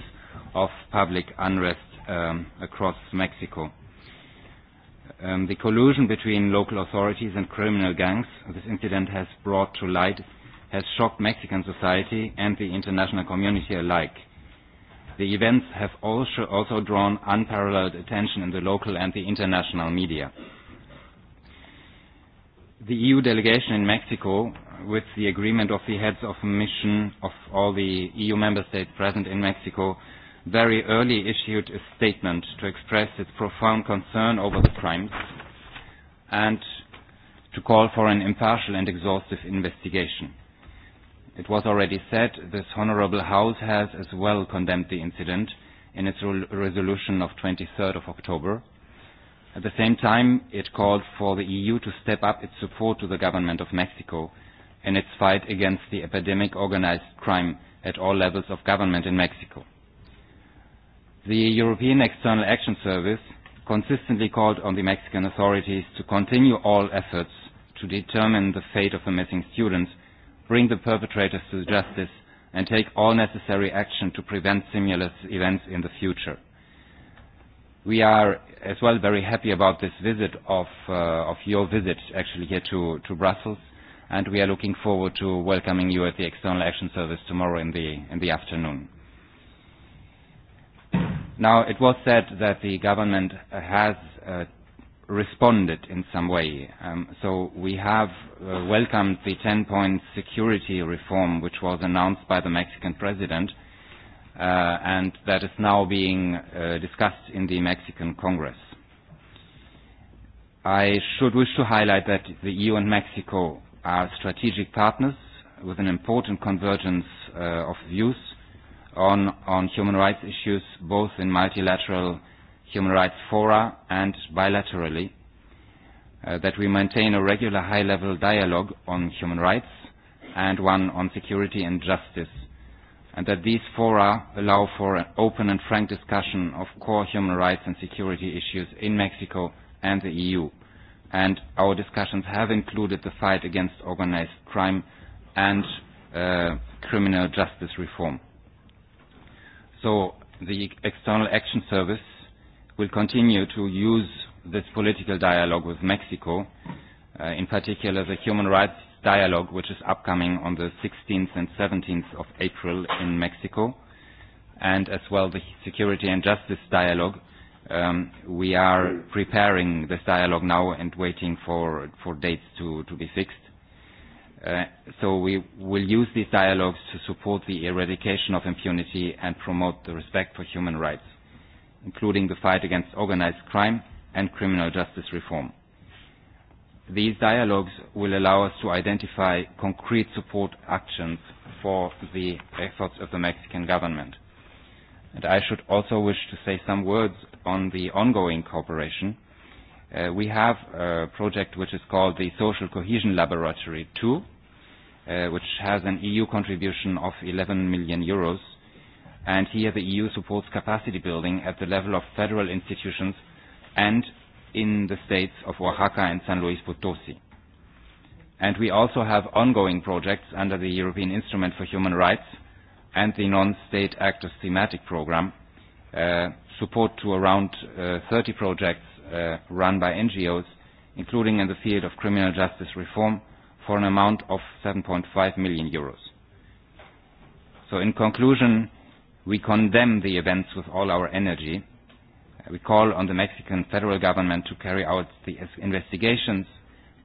of public unrest um, across Mexico um, the collusion between local authorities and criminal gangs this incident has brought to light has shocked Mexican society and the international community alike. The events have also, also drawn unparalleled attention in the local and the international media. The EU delegation in Mexico, with the agreement of the heads of mission of all the EU member states present in Mexico, very early issued a statement to express its profound concern over the crimes and to call for an impartial and exhaustive investigation. It was already said this Honourable House has as well condemned the incident in its resolution of 23rd of October. At the same time, it called for the EU to step up its support to the government of Mexico in its fight against the epidemic organized crime at all levels of government in Mexico the European External Action Service consistently called on the Mexican authorities to continue all efforts to determine the fate of the missing students, bring the perpetrators to justice, and take all necessary action to prevent similar events in the future. We are as well very happy about this visit of, uh, of your visit actually here to, to Brussels, and we are looking forward to welcoming you at the External Action Service tomorrow in the, in the afternoon. Now, it was said that the government has uh, responded in some way. Um, so we have uh, welcomed the 10-point security reform, which was announced by the Mexican president, uh, and that is now being uh, discussed in the Mexican Congress. I should wish to highlight that the EU and Mexico are strategic partners with an important convergence uh, of views on, on human rights issues both in multilateral human rights fora and bilaterally, uh, that we maintain a regular high-level dialogue on human rights and one on security and justice, and that these fora allow for an open and frank discussion of core human rights and security issues in Mexico and the EU. And our discussions have included the fight against organized crime and uh, criminal justice reform. So the External Action Service will continue to use this political dialogue with Mexico, uh, in particular the human rights dialogue, which is upcoming on the 16th and 17th of April in Mexico, and as well the security and justice dialogue. Um, we are preparing this dialogue now and waiting for, for dates to, to be fixed. Uh, so we will use these dialogues to support the eradication of impunity and promote the respect for human rights, including the fight against organized crime and criminal justice reform. These dialogues will allow us to identify concrete support actions for the efforts of the Mexican government. And I should also wish to say some words on the ongoing cooperation. Uh, we have a project which is called the Social Cohesion Laboratory 2, uh, which has an EU contribution of 11 million euros. And here the EU supports capacity building at the level of federal institutions and in the states of Oaxaca and San Luis Potosi. And we also have ongoing projects under the European Instrument for Human Rights and the Non-State Actors Thematic Program, uh, support to around uh, 30 projects uh, run by NGOs, including in the field of criminal justice reform, for an amount of 7.5 million euros. So in conclusion, we condemn the events with all our energy. We call on the Mexican federal government to carry out the investigations,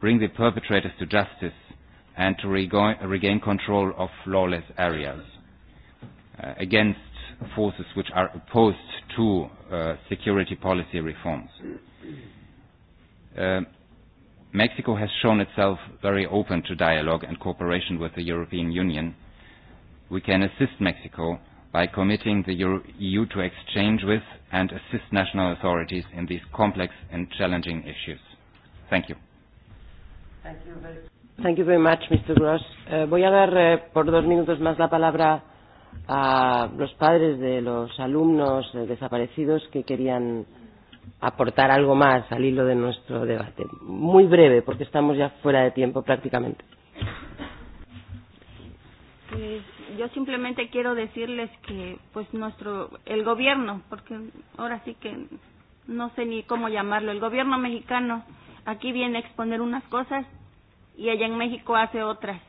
bring the perpetrators to justice, and to regain control of lawless areas uh, against forces which are opposed to uh, security policy reforms. Uh, Mexico has shown itself very open to dialogue and cooperation with the European Union. We can assist Mexico by committing the Euro EU to exchange with and assist national authorities in these complex and challenging issues. Thank you. Thank you very, Thank you very much, Mr. Gross. Uh voy a dar uh, por dos minutos más la palabra a los padres de los alumnos eh, desaparecidos que querían aportar algo más al hilo de nuestro debate. Muy breve, porque estamos ya fuera de tiempo prácticamente. Pues eh, yo simplemente quiero decirles que pues nuestro el gobierno, porque ahora sí que no sé ni cómo llamarlo, el gobierno mexicano aquí viene a exponer unas cosas y allá en México hace otras.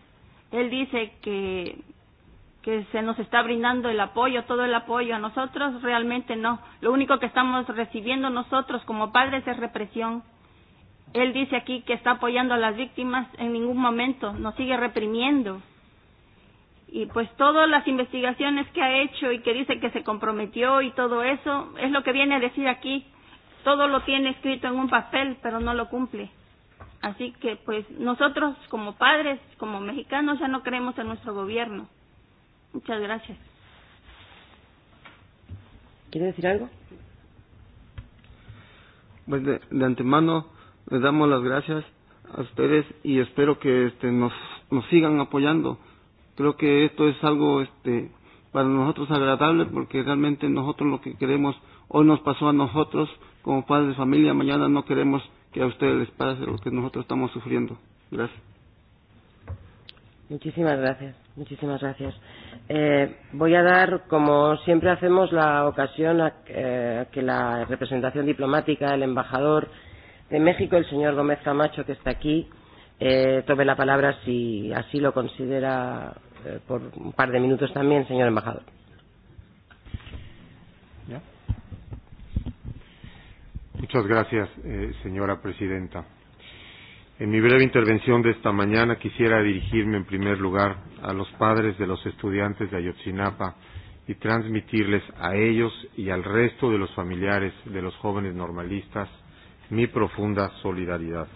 Él dice que que se nos está brindando el apoyo, todo el apoyo. A nosotros realmente no. Lo único que estamos recibiendo nosotros como padres es represión. Él dice aquí que está apoyando a las víctimas en ningún momento, nos sigue reprimiendo. Y pues todas las investigaciones que ha hecho y que dice que se comprometió y todo eso, es lo que viene a decir aquí. Todo lo tiene escrito en un papel, pero no lo cumple. Así que pues nosotros como padres, como mexicanos, ya no creemos en nuestro gobierno Muchas gracias. ¿Quiere decir algo? Pues de, de antemano les damos las gracias a ustedes y espero que este, nos, nos sigan apoyando. Creo que esto es algo este, para nosotros agradable porque realmente nosotros lo que queremos, hoy nos pasó a nosotros como padres de familia, mañana no queremos que a ustedes les pase lo que nosotros estamos sufriendo. Gracias. Muchísimas gracias. Muchísimas gracias. Eh, voy a dar, como siempre hacemos, la ocasión a, eh, que la representación diplomática, el embajador de México, el señor Gómez Camacho, que está aquí, eh, tome la palabra si así lo considera eh, por un par de minutos también, señor embajador. ¿Ya? Muchas gracias, eh, señora presidenta. En mi breve intervención de esta mañana quisiera dirigirme en primer lugar a los padres de los estudiantes de Ayotzinapa y transmitirles a ellos y al resto de los familiares de los jóvenes normalistas mi profunda solidaridad.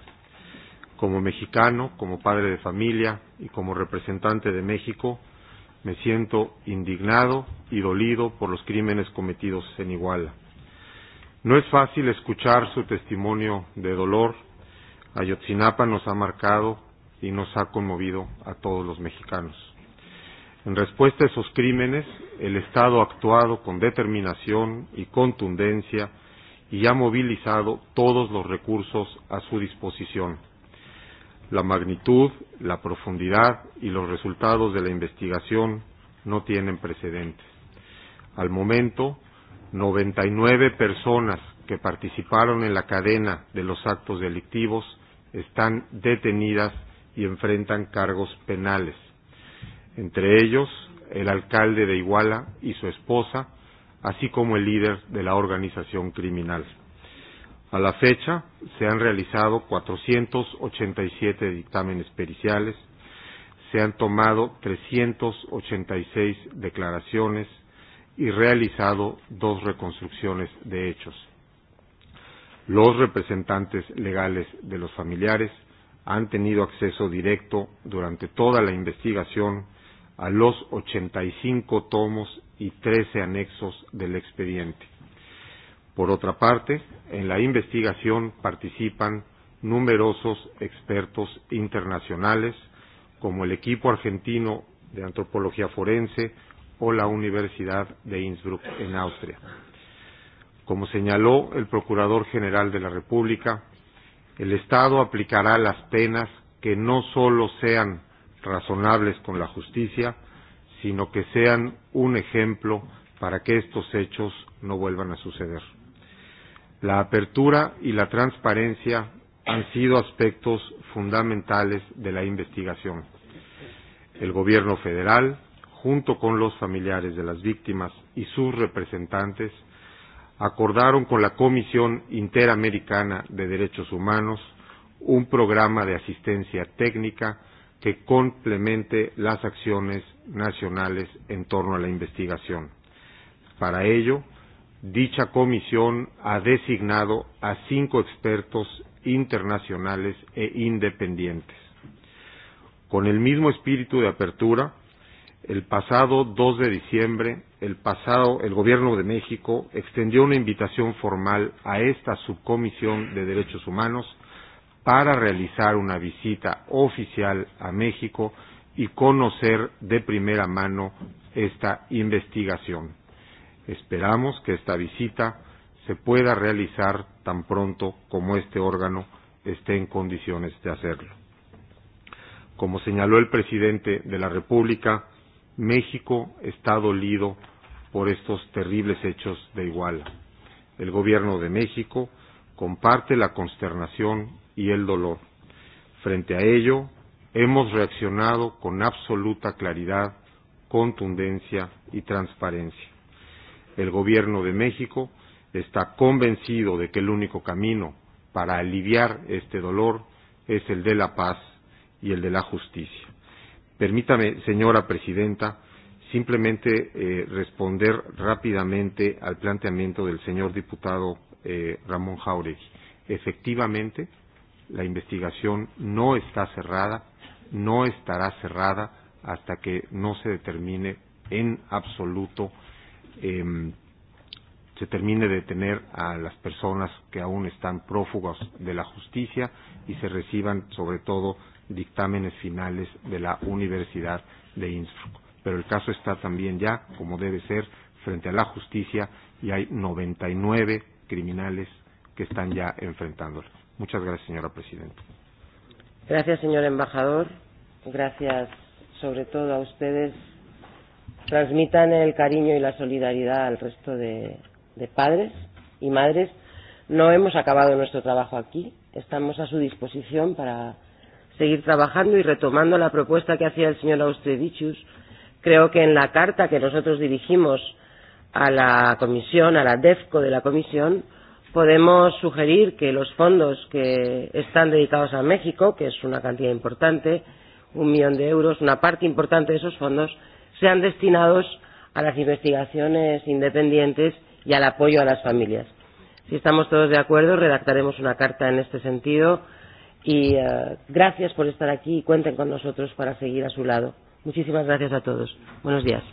Como mexicano, como padre de familia y como representante de México, me siento indignado y dolido por los crímenes cometidos en Iguala. No es fácil escuchar su testimonio de dolor. Ayotzinapa nos ha marcado y nos ha conmovido a todos los mexicanos. En respuesta a esos crímenes, el Estado ha actuado con determinación y contundencia y ha movilizado todos los recursos a su disposición. La magnitud, la profundidad y los resultados de la investigación no tienen precedentes. Al momento, 99 personas que participaron en la cadena de los actos delictivos están detenidas y enfrentan cargos penales. Entre ellos, el alcalde de Iguala y su esposa, así como el líder de la organización criminal. A la fecha, se han realizado 487 dictámenes periciales, se han tomado 386 declaraciones y realizado dos reconstrucciones de hechos. Los representantes legales de los familiares han tenido acceso directo durante toda la investigación a los 85 tomos y 13 anexos del expediente. Por otra parte, en la investigación participan numerosos expertos internacionales, como el equipo argentino de antropología forense o la Universidad de Innsbruck en Austria. Como señaló el Procurador General de la República, el Estado aplicará las penas que no solo sean razonables con la justicia, sino que sean un ejemplo para que estos hechos no vuelvan a suceder. La apertura y la transparencia han sido aspectos fundamentales de la investigación. El Gobierno federal, junto con los familiares de las víctimas y sus representantes, acordaron con la Comisión Interamericana de Derechos Humanos un programa de asistencia técnica que complemente las acciones nacionales en torno a la investigación. Para ello, dicha comisión ha designado a cinco expertos internacionales e independientes. Con el mismo espíritu de apertura, el pasado 2 de diciembre, el pasado el Gobierno de México extendió una invitación formal a esta subcomisión de derechos humanos para realizar una visita oficial a México y conocer de primera mano esta investigación. Esperamos que esta visita se pueda realizar tan pronto como este órgano esté en condiciones de hacerlo. Como señaló el presidente de la República, México está dolido por estos terribles hechos de Iguala. El gobierno de México comparte la consternación y el dolor. Frente a ello, hemos reaccionado con absoluta claridad, contundencia y transparencia. El gobierno de México está convencido de que el único camino para aliviar este dolor es el de la paz y el de la justicia. Permítame, señora presidenta, simplemente eh, responder rápidamente al planteamiento del señor diputado eh, Ramón Jauregui. Efectivamente, la investigación no está cerrada, no estará cerrada hasta que no se determine en absoluto, eh, se termine de detener a las personas que aún están prófugas de la justicia y se reciban sobre todo dictámenes finales de la Universidad de Innsbruck. Pero el caso está también ya, como debe ser, frente a la justicia y hay 99 criminales que están ya enfrentándolo. Muchas gracias, señora presidenta. Gracias, señor embajador. Gracias, sobre todo, a ustedes. Transmitan el cariño y la solidaridad al resto de, de padres y madres. No hemos acabado nuestro trabajo aquí. Estamos a su disposición para seguir trabajando y retomando la propuesta que hacía el señor Austrevichus, creo que en la carta que nosotros dirigimos a la comisión, a la DEFCO de la comisión, podemos sugerir que los fondos que están dedicados a México, que es una cantidad importante, un millón de euros, una parte importante de esos fondos, sean destinados a las investigaciones independientes y al apoyo a las familias. Si estamos todos de acuerdo, redactaremos una carta en este sentido Y uh, gracias por estar aquí y cuenten con nosotros para seguir a su lado. Muchísimas gracias a todos. Buenos días.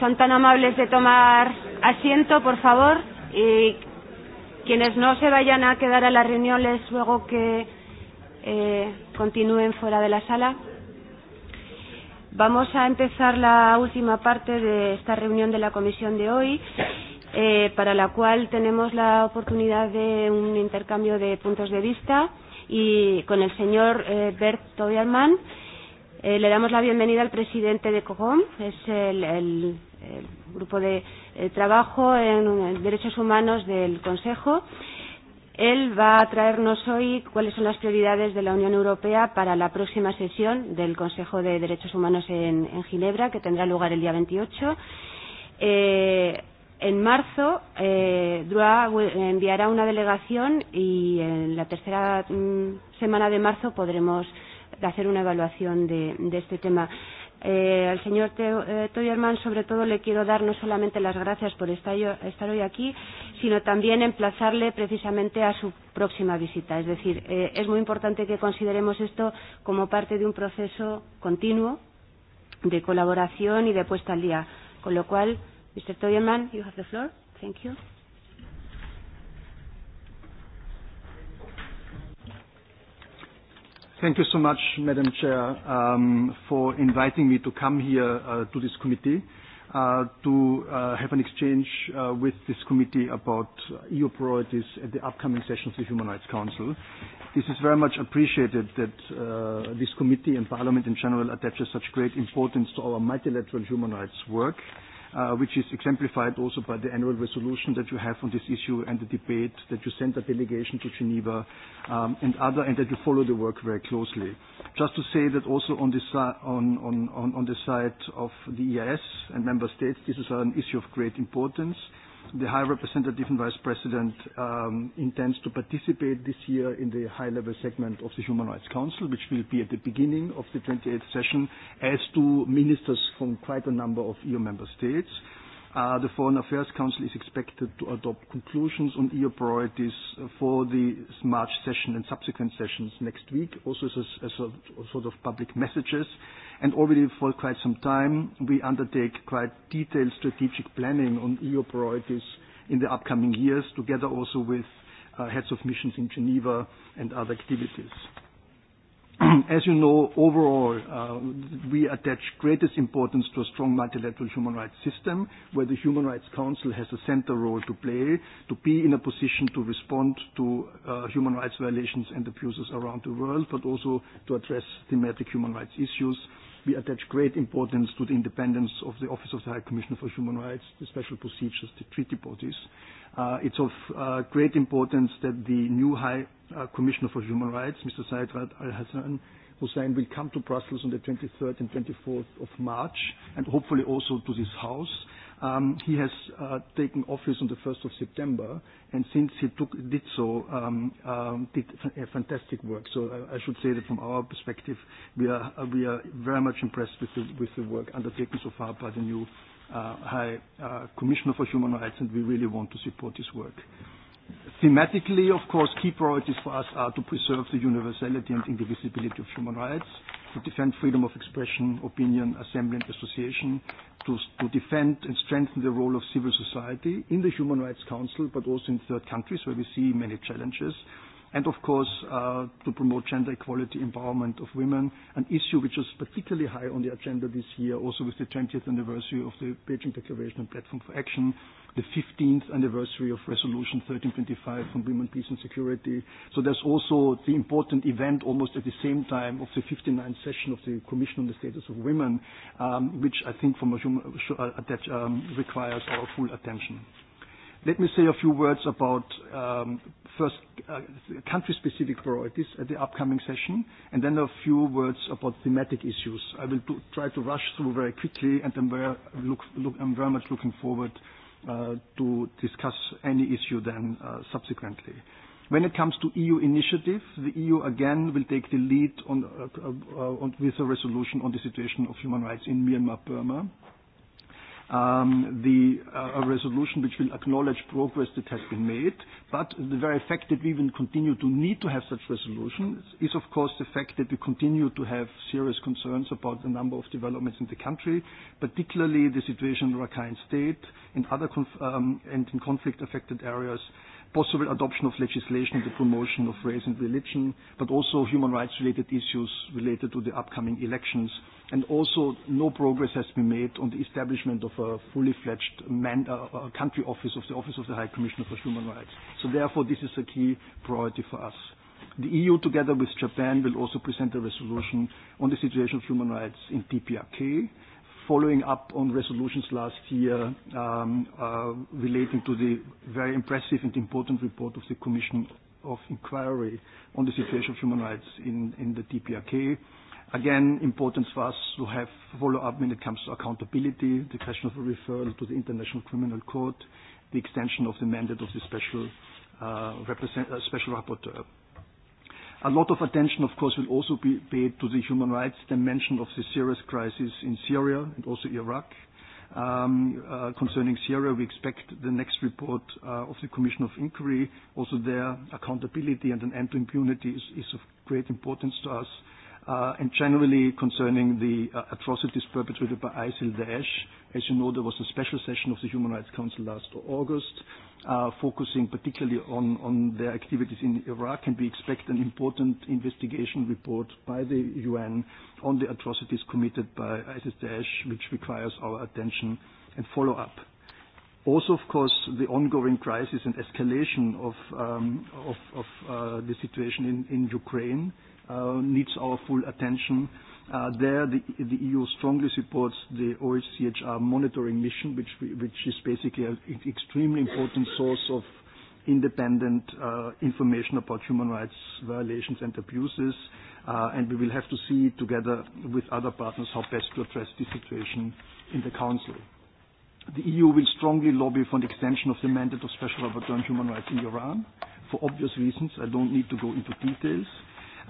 son tan amables de tomar asiento, por favor, y quienes no se vayan a quedar a la reunión les ruego que eh, continúen fuera de la sala. Vamos a empezar la última parte de esta reunión de la comisión de hoy, eh, para la cual tenemos la oportunidad de un intercambio de puntos de vista y con el señor eh, Bert Toyerman Eh, le damos la bienvenida al presidente de COGOM, es el, el, el grupo de el eh, trabajo en, en derechos humanos del Consejo. Él va a traernos hoy cuáles son las prioridades de la Unión Europea para la próxima sesión del Consejo de Derechos Humanos en, en Ginebra, que tendrá lugar el día 28. Eh, en marzo, eh, DROA enviará una delegación y en la tercera mm, semana de marzo podremos de hacer una evaluación de, de este tema. Eh, al señor eh, Toyerman, sobre todo, le quiero dar no solamente las gracias por estar, yo, estar hoy aquí, sino también emplazarle precisamente a su próxima visita. Es decir, eh, es muy importante que consideremos esto como parte de un proceso continuo de colaboración y de puesta al día. Con lo cual, Mr. Toyerman, you have the floor. Thank you. Thank you so much, Madam Chair, um, for inviting me to come here uh, to this committee uh, to uh, have an exchange uh, with this committee about EU priorities at the upcoming session of the Human Rights Council. This is very much appreciated that uh, this committee and Parliament in general attaches such great importance to our multilateral human rights work uh, which is exemplified also by the annual resolution that you have on this issue and the debate that you sent a delegation to Geneva um, and other, and that you follow the work very closely. Just to say that also on the, si- uh, on, on, on, on the side of the EIS and member states, this is an issue of great importance the High Representative and Vice President um, intends to participate this year in the high-level segment of the Human Rights Council, which will be at the beginning of the 28th session, as do ministers from quite a number of EU member states. Uh, the Foreign Affairs Council is expected to adopt conclusions on EU priorities for the March session and subsequent sessions next week, also as a, as a sort of public messages. And already for quite some time, we undertake quite detailed strategic planning on EU priorities in the upcoming years, together also with uh, heads of missions in Geneva and other activities. As you know, overall, uh, we attach greatest importance to a strong multilateral human rights system where the Human Rights Council has a central role to play, to be in a position to respond to uh, human rights violations and abuses around the world, but also to address thematic human rights issues we attach great importance to the independence of the Office of the High Commissioner for Human Rights, the special procedures, the treaty bodies. Uh, it's of uh, great importance that the new High uh, Commissioner for Human Rights, Mr. Said Rad Al-Hassan Hussein, will come to Brussels on the 23rd and 24th of March, and hopefully also to this House um, he has uh, taken office on the 1st of September, and since he took, did so, um, um, did a fantastic work. So I, uh, I should say that from our perspective, we are, uh, we are very much impressed with the, with the work undertaken so far by the new uh, High uh, Commissioner for Human Rights, and we really want to support his work. Thematically, of course, key priorities for us are to preserve the universality and indivisibility of human rights, to defend freedom of expression, opinion, assembly and association, to, to defend and strengthen the role of civil society in the Human Rights Council, but also in third countries where we see many challenges and of course uh, to promote gender equality, empowerment of women, an issue which is particularly high on the agenda this year, also with the 20th anniversary of the Beijing Declaration and Platform for Action, the 15th anniversary of Resolution 1325 on women, peace and security. So there's also the important event almost at the same time of the 59th session of the Commission on the Status of Women, um, which I think from a human, uh, that um, requires our full attention. Let me say a few words about um, first uh, country-specific priorities at the upcoming session, and then a few words about thematic issues. I will do, try to rush through very quickly, and I'm very, look, look, I'm very much looking forward uh, to discuss any issue then uh, subsequently. When it comes to EU initiative, the EU again will take the lead on, uh, uh, uh, on, with a resolution on the situation of human rights in Myanmar, Burma um, the uh, resolution which will acknowledge progress that has been made. But the very fact that we will continue to need to have such resolutions is, of course, the fact that we continue to have serious concerns about the number of developments in the country, particularly the situation in Rakhine State and other conf- um, and in conflict-affected areas possible adoption of legislation, the promotion of race and religion, but also human rights related issues related to the upcoming elections. And also no progress has been made on the establishment of a fully fledged man, uh, uh, country office of the Office of the High Commissioner for Human Rights. So therefore this is a key priority for us. The EU together with Japan will also present a resolution on the situation of human rights in DPRK following up on resolutions last year um, uh, relating to the very impressive and important report of the Commission of Inquiry on the situation of human rights in, in the DPRK. Again, importance for us to have follow-up when it comes to accountability, the question of a referral to the International Criminal Court, the extension of the mandate of the special, uh, represent, uh, special rapporteur. A lot of attention, of course, will also be paid to the human rights dimension of the serious crisis in Syria and also Iraq. Um, uh, concerning Syria, we expect the next report uh, of the Commission of Inquiry. Also there, accountability and an end to impunity is, is of great importance to us. Uh, and generally concerning the uh, atrocities perpetrated by ISIL Daesh, as you know, there was a special session of the Human Rights Council last August, uh, focusing particularly on, on their activities in Iraq, and we expect an important investigation report by the UN on the atrocities committed by ISIS Daesh, which requires our attention and follow-up. Also, of course, the ongoing crisis and escalation of, um, of, of uh, the situation in, in Ukraine, uh, needs our full attention. Uh, there, the, the EU strongly supports the OHCHR monitoring mission, which, we, which is basically an extremely important source of independent uh, information about human rights violations and abuses, uh, and we will have to see together with other partners how best to address this situation in the Council. The EU will strongly lobby for an extension of the mandate of Special Rapporteur on Human Rights in Iran, for obvious reasons. I don't need to go into details.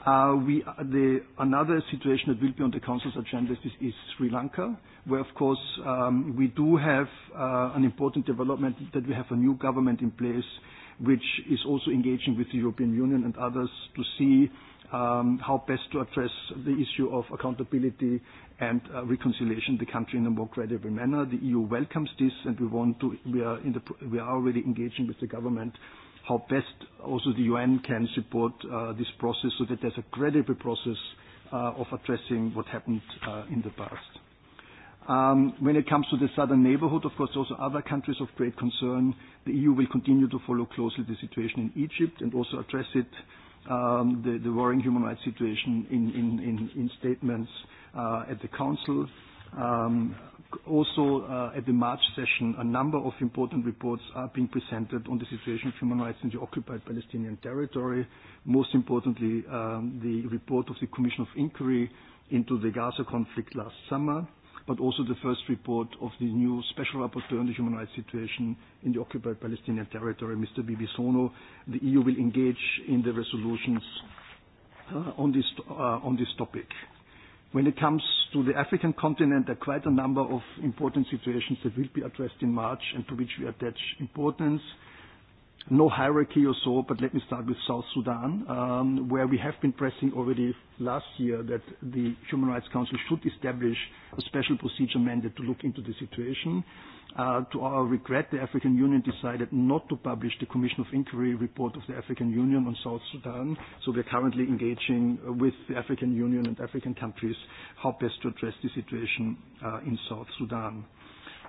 Uh, we, uh, the, another situation that will be on the Council's agenda is, is Sri Lanka, where, of course, um, we do have uh, an important development that we have a new government in place, which is also engaging with the European Union and others to see um, how best to address the issue of accountability and uh, reconciliation in the country in a more credible manner. The EU welcomes this, and we want to. We are, in the, we are already engaging with the government how best also the UN can support uh, this process so that there's a credible process uh, of addressing what happened uh, in the past. Um, when it comes to the southern neighborhood, of course, also other countries of great concern. The EU will continue to follow closely the situation in Egypt and also address it, um, the, the worrying human rights situation in, in, in, in statements uh, at the Council. Um, also uh, at the March session, a number of important reports are being presented on the situation of human rights in the occupied Palestinian territory. Most importantly, um, the report of the Commission of Inquiry into the Gaza conflict last summer, but also the first report of the new Special Rapporteur on the human rights situation in the occupied Palestinian territory, Mr. Sono. The EU will engage in the resolutions uh, on, this, uh, on this topic. When it comes to the African continent, there are quite a number of important situations that will be addressed in March and to which we attach importance no hierarchy or so, but let me start with South Sudan, um, where we have been pressing already last year that the Human Rights Council should establish a special procedure mandate to look into the situation. Uh, to our regret, the African Union decided not to publish the Commission of Inquiry report of the African Union on South Sudan, so we are currently engaging with the African Union and African countries how best to address the situation uh, in South Sudan.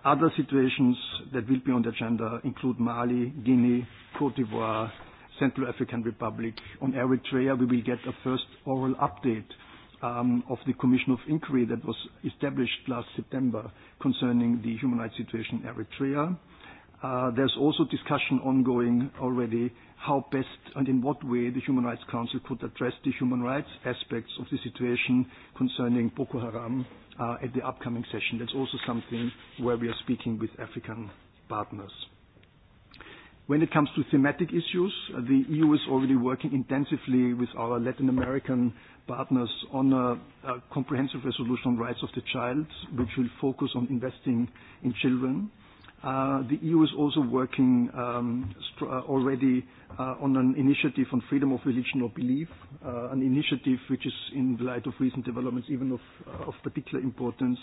Other situations that will be on the agenda include Mali, Guinea, Cote d'Ivoire, Central African Republic. On Eritrea, we will get a first oral update um, of the Commission of Inquiry that was established last September concerning the human rights situation in Eritrea. Uh, there's also discussion ongoing already how best and in what way the Human Rights Council could address the human rights aspects of the situation concerning Boko Haram uh, at the upcoming session. That's also something where we are speaking with African partners. When it comes to thematic issues, uh, the EU is already working intensively with our Latin American partners on a, a comprehensive resolution on rights of the child, which will focus on investing in children. Uh, the EU is also working um, str- uh, already uh, on an initiative on freedom of religion or belief, uh, an initiative which is, in the light of recent developments, even of, of particular importance.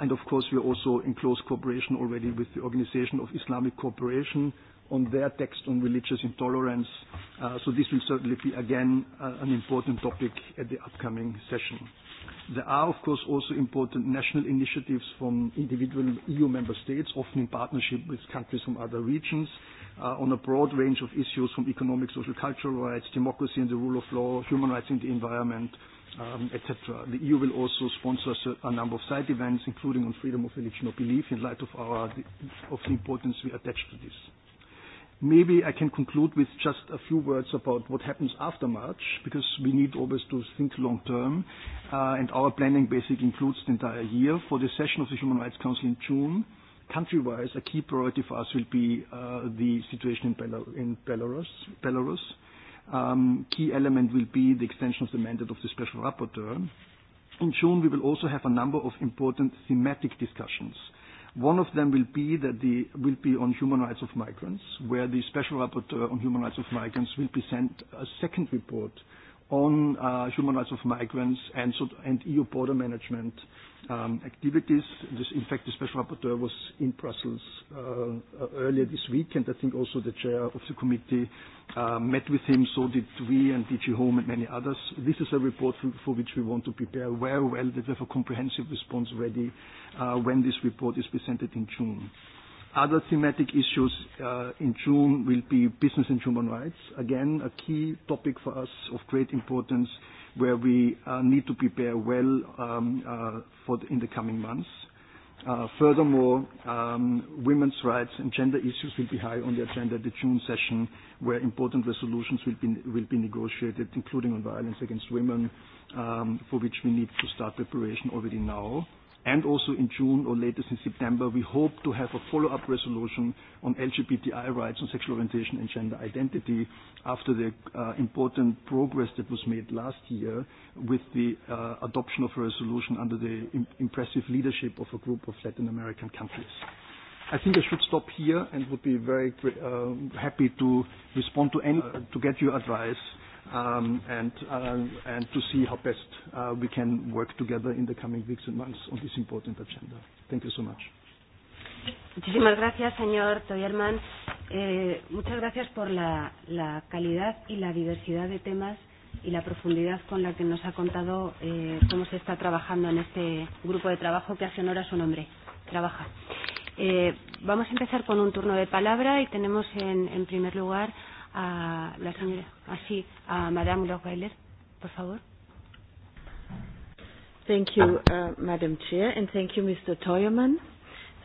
and of course, we are also in close cooperation already with the Organization of Islamic Cooperation on their text on religious intolerance. so this will certainly be, again, an important topic at the upcoming session. There are, of course, also important national initiatives from individual EU member states, often in partnership with countries from other regions, uh, on a broad range of issues from economic, social, cultural rights, democracy and the rule of law, human rights and the environment, um, etc. The EU will also sponsor a number of side events, including on freedom of religion or belief, in light of, our, of the importance we attach to this. Maybe I can conclude with just a few words about what happens after March, because we need always to think long term, uh, and our planning basically includes the entire year. For the session of the Human Rights Council in June, country-wise, a key priority for us will be uh, the situation in, Bel- in Belarus. Belarus. Um, key element will be the extension of the mandate of the special rapporteur. In June, we will also have a number of important thematic discussions. One of them will be that the will be on human rights of migrants, where the special rapporteur on human rights of migrants will present a second report on uh, human rights of migrants and, and EU border management um, activities. This, in fact, the Special Rapporteur was in Brussels uh, uh, earlier this week, and I think also the chair of the committee uh, met with him, so did we and DG Home and many others. This is a report for, for which we want to prepare very well, that we have a comprehensive response ready uh, when this report is presented in June. Other thematic issues uh, in June will be business and human rights. Again, a key topic for us of great importance where we uh, need to prepare well um, uh, for the, in the coming months. Uh, furthermore, um, women's rights and gender issues will be high on the agenda at the June session, where important resolutions will be, will be negotiated, including on violence against women, um, for which we need to start preparation already now and also in June or latest in September, we hope to have a follow-up resolution on LGBTI rights on sexual orientation and gender identity after the uh, important progress that was made last year with the uh, adoption of a resolution under the im impressive leadership of a group of Latin American countries. I think I should stop here and would be very uh, happy to respond to any, uh, to get your advice Um, uh, and, to see how best uh, we can work together in the coming weeks and months on this important agenda. Thank you so much. Muchísimas gracias, señor Toyerman. Eh, muchas gracias por la, la calidad y la diversidad de temas y la profundidad con la que nos ha contado eh, cómo se está trabajando en este grupo de trabajo que hace honor a su nombre. Trabaja. Eh, vamos a empezar con un turno de palabra y tenemos en, en primer lugar a la señora, así, ah, a Madame Lochweiler, por favor. Thank you, uh, Madam Chair, and thank you, Mr. Teuermann.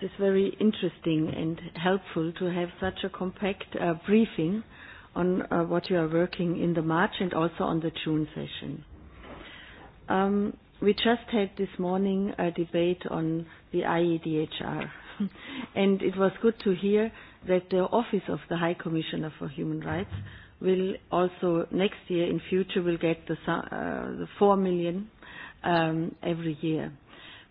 It's very interesting and helpful to have such a compact uh, briefing on uh, what you are working in the March and also on the June session. Um, we just had this morning a debate on the IEDHR, [LAUGHS] and it was good to hear that the office of the High Commissioner for Human Rights will also next year in future will get the, uh, the 4 million um, every year.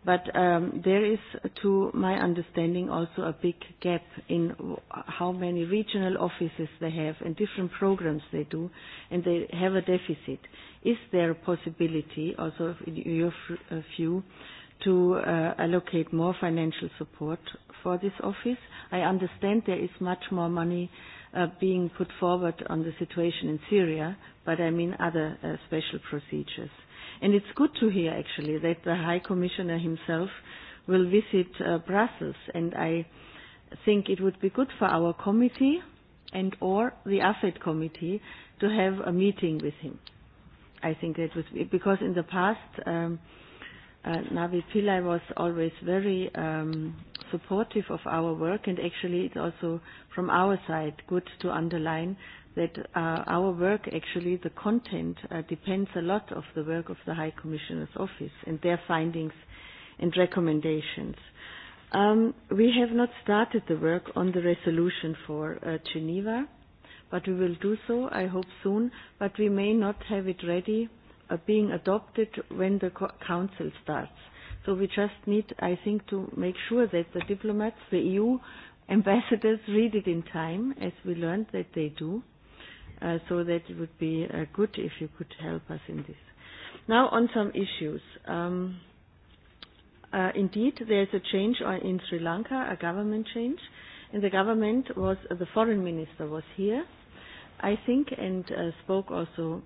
But um, there is, to my understanding, also a big gap in w how many regional offices they have and different programs they do, and they have a deficit. Is there a possibility, also in your uh view, to uh, allocate more financial support for this office. I understand there is much more money uh, being put forward on the situation in Syria, but I mean other uh, special procedures. And it's good to hear actually that the High Commissioner himself will visit uh, Brussels, and I think it would be good for our committee and or the AFED committee to have a meeting with him. I think that would be, because in the past. Um, uh, Navi Pillai was always very um, supportive of our work, and actually it's also from our side good to underline that uh, our work, actually the content, uh, depends a lot of the work of the High Commissioner's Office and their findings and recommendations. Um, we have not started the work on the resolution for uh, Geneva, but we will do so, I hope soon, but we may not have it ready Uh, being adopted when the co Council starts. So we just need, I think, to make sure that the diplomats, the EU ambassadors, read it in time, as we learned that they do. Uh, so that it would be uh, good if you could help us in this. Now on some issues. Um, uh, indeed, there is a change in Sri Lanka, a government change, and the government was, uh, the foreign minister was here, I think, and uh, spoke also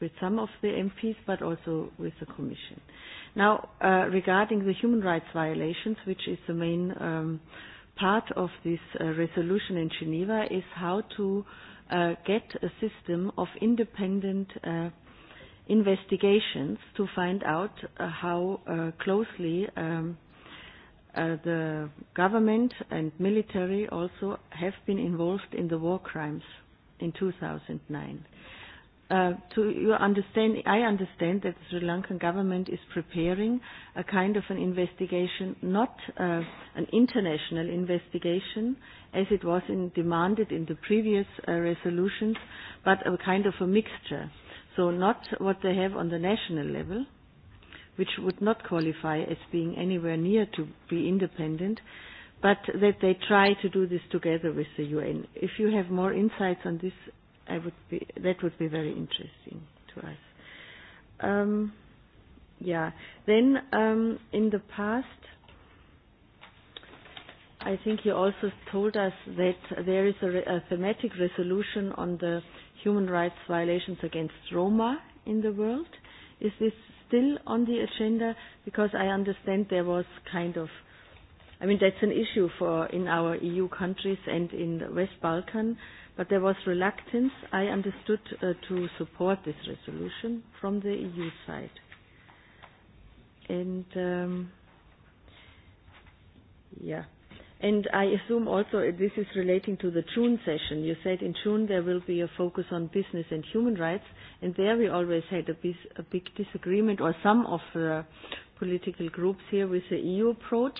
with some of the MPs, but also with the Commission. Now, uh, regarding the human rights violations, which is the main um, part of this uh, resolution in Geneva, is how to uh, get a system of independent uh, investigations to find out uh, how uh, closely um, uh, the government and military also have been involved in the war crimes in 2009 uh, to you understand, I understand that the Sri Lankan government is preparing a kind of an investigation, not uh, an international investigation, as it was in, demanded in the previous uh, resolutions, but a kind of a mixture. So not what they have on the national level, which would not qualify as being anywhere near to be independent, but that they try to do this together with the UN. If you have more insights on this, i would be, that would be very interesting to us. Um, yeah. Then um, in the past, I think he also told us that there is a, re a thematic resolution on the human rights violations against Roma in the world. Is this still on the agenda? Because I understand there was kind of, I mean, that's an issue for in our EU countries and in the West Balkan but there was reluctance, I understood, uh, to support this resolution from the EU side. And um, yeah, and I assume also this is relating to the June session. You said in June there will be a focus on business and human rights, and there we always had a, bis- a big disagreement, or some of the political groups here with the EU approach,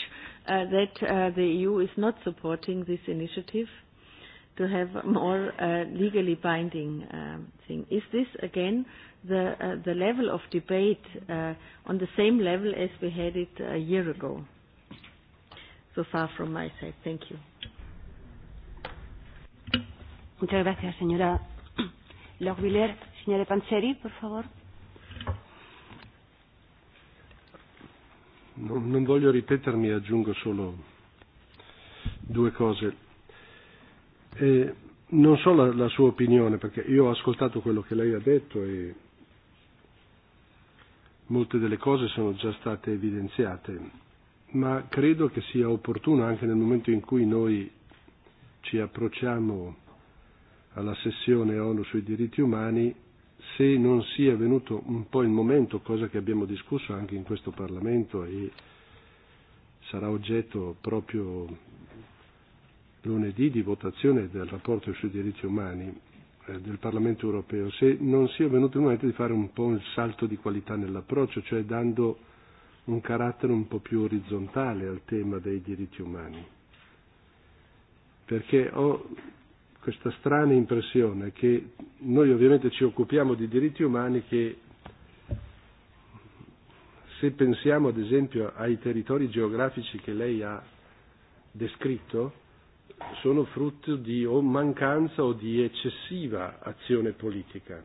uh, that uh, the EU is not supporting this initiative to have a more uh, legally binding um, thing. Is this again the uh, the level of debate uh, on the same level as we had it a year ago? So far from my side. Thank you. Muchas gracias, señora [CLEARS THROAT] Lochbiller. Señora Panseri, por favor. No, non voglio ripetermi, aggiungo solo due cose eh, non so la, la sua opinione, perché io ho ascoltato quello che lei ha detto e molte delle cose sono già state evidenziate, ma credo che sia opportuno anche nel momento in cui noi ci approcciamo alla sessione ONU sui diritti umani, se non sia venuto un po' il momento, cosa che abbiamo discusso anche in questo Parlamento e sarà oggetto proprio lunedì di votazione del rapporto sui diritti umani eh, del Parlamento europeo se non sia venuto il momento di fare un po' un salto di qualità nell'approccio, cioè dando un carattere un po' più orizzontale al tema dei diritti umani. Perché ho questa strana impressione che noi ovviamente ci occupiamo di diritti umani che se pensiamo ad esempio ai territori geografici che lei ha descritto, sono frutto di o mancanza o di eccessiva azione politica.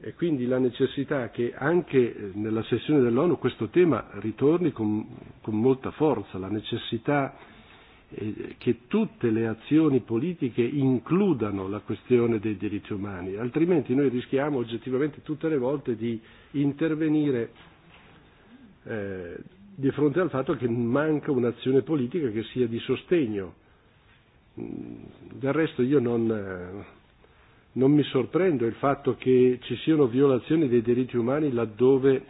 E quindi la necessità che anche eh, nella sessione dell'ONU questo tema ritorni con, con molta forza, la necessità eh, che tutte le azioni politiche includano la questione dei diritti umani, altrimenti noi rischiamo oggettivamente tutte le volte di intervenire eh, di fronte al fatto che manca un'azione politica che sia di sostegno Mm, del resto io non, eh, non mi sorprendo il fatto che ci siano violazioni dei diritti umani laddove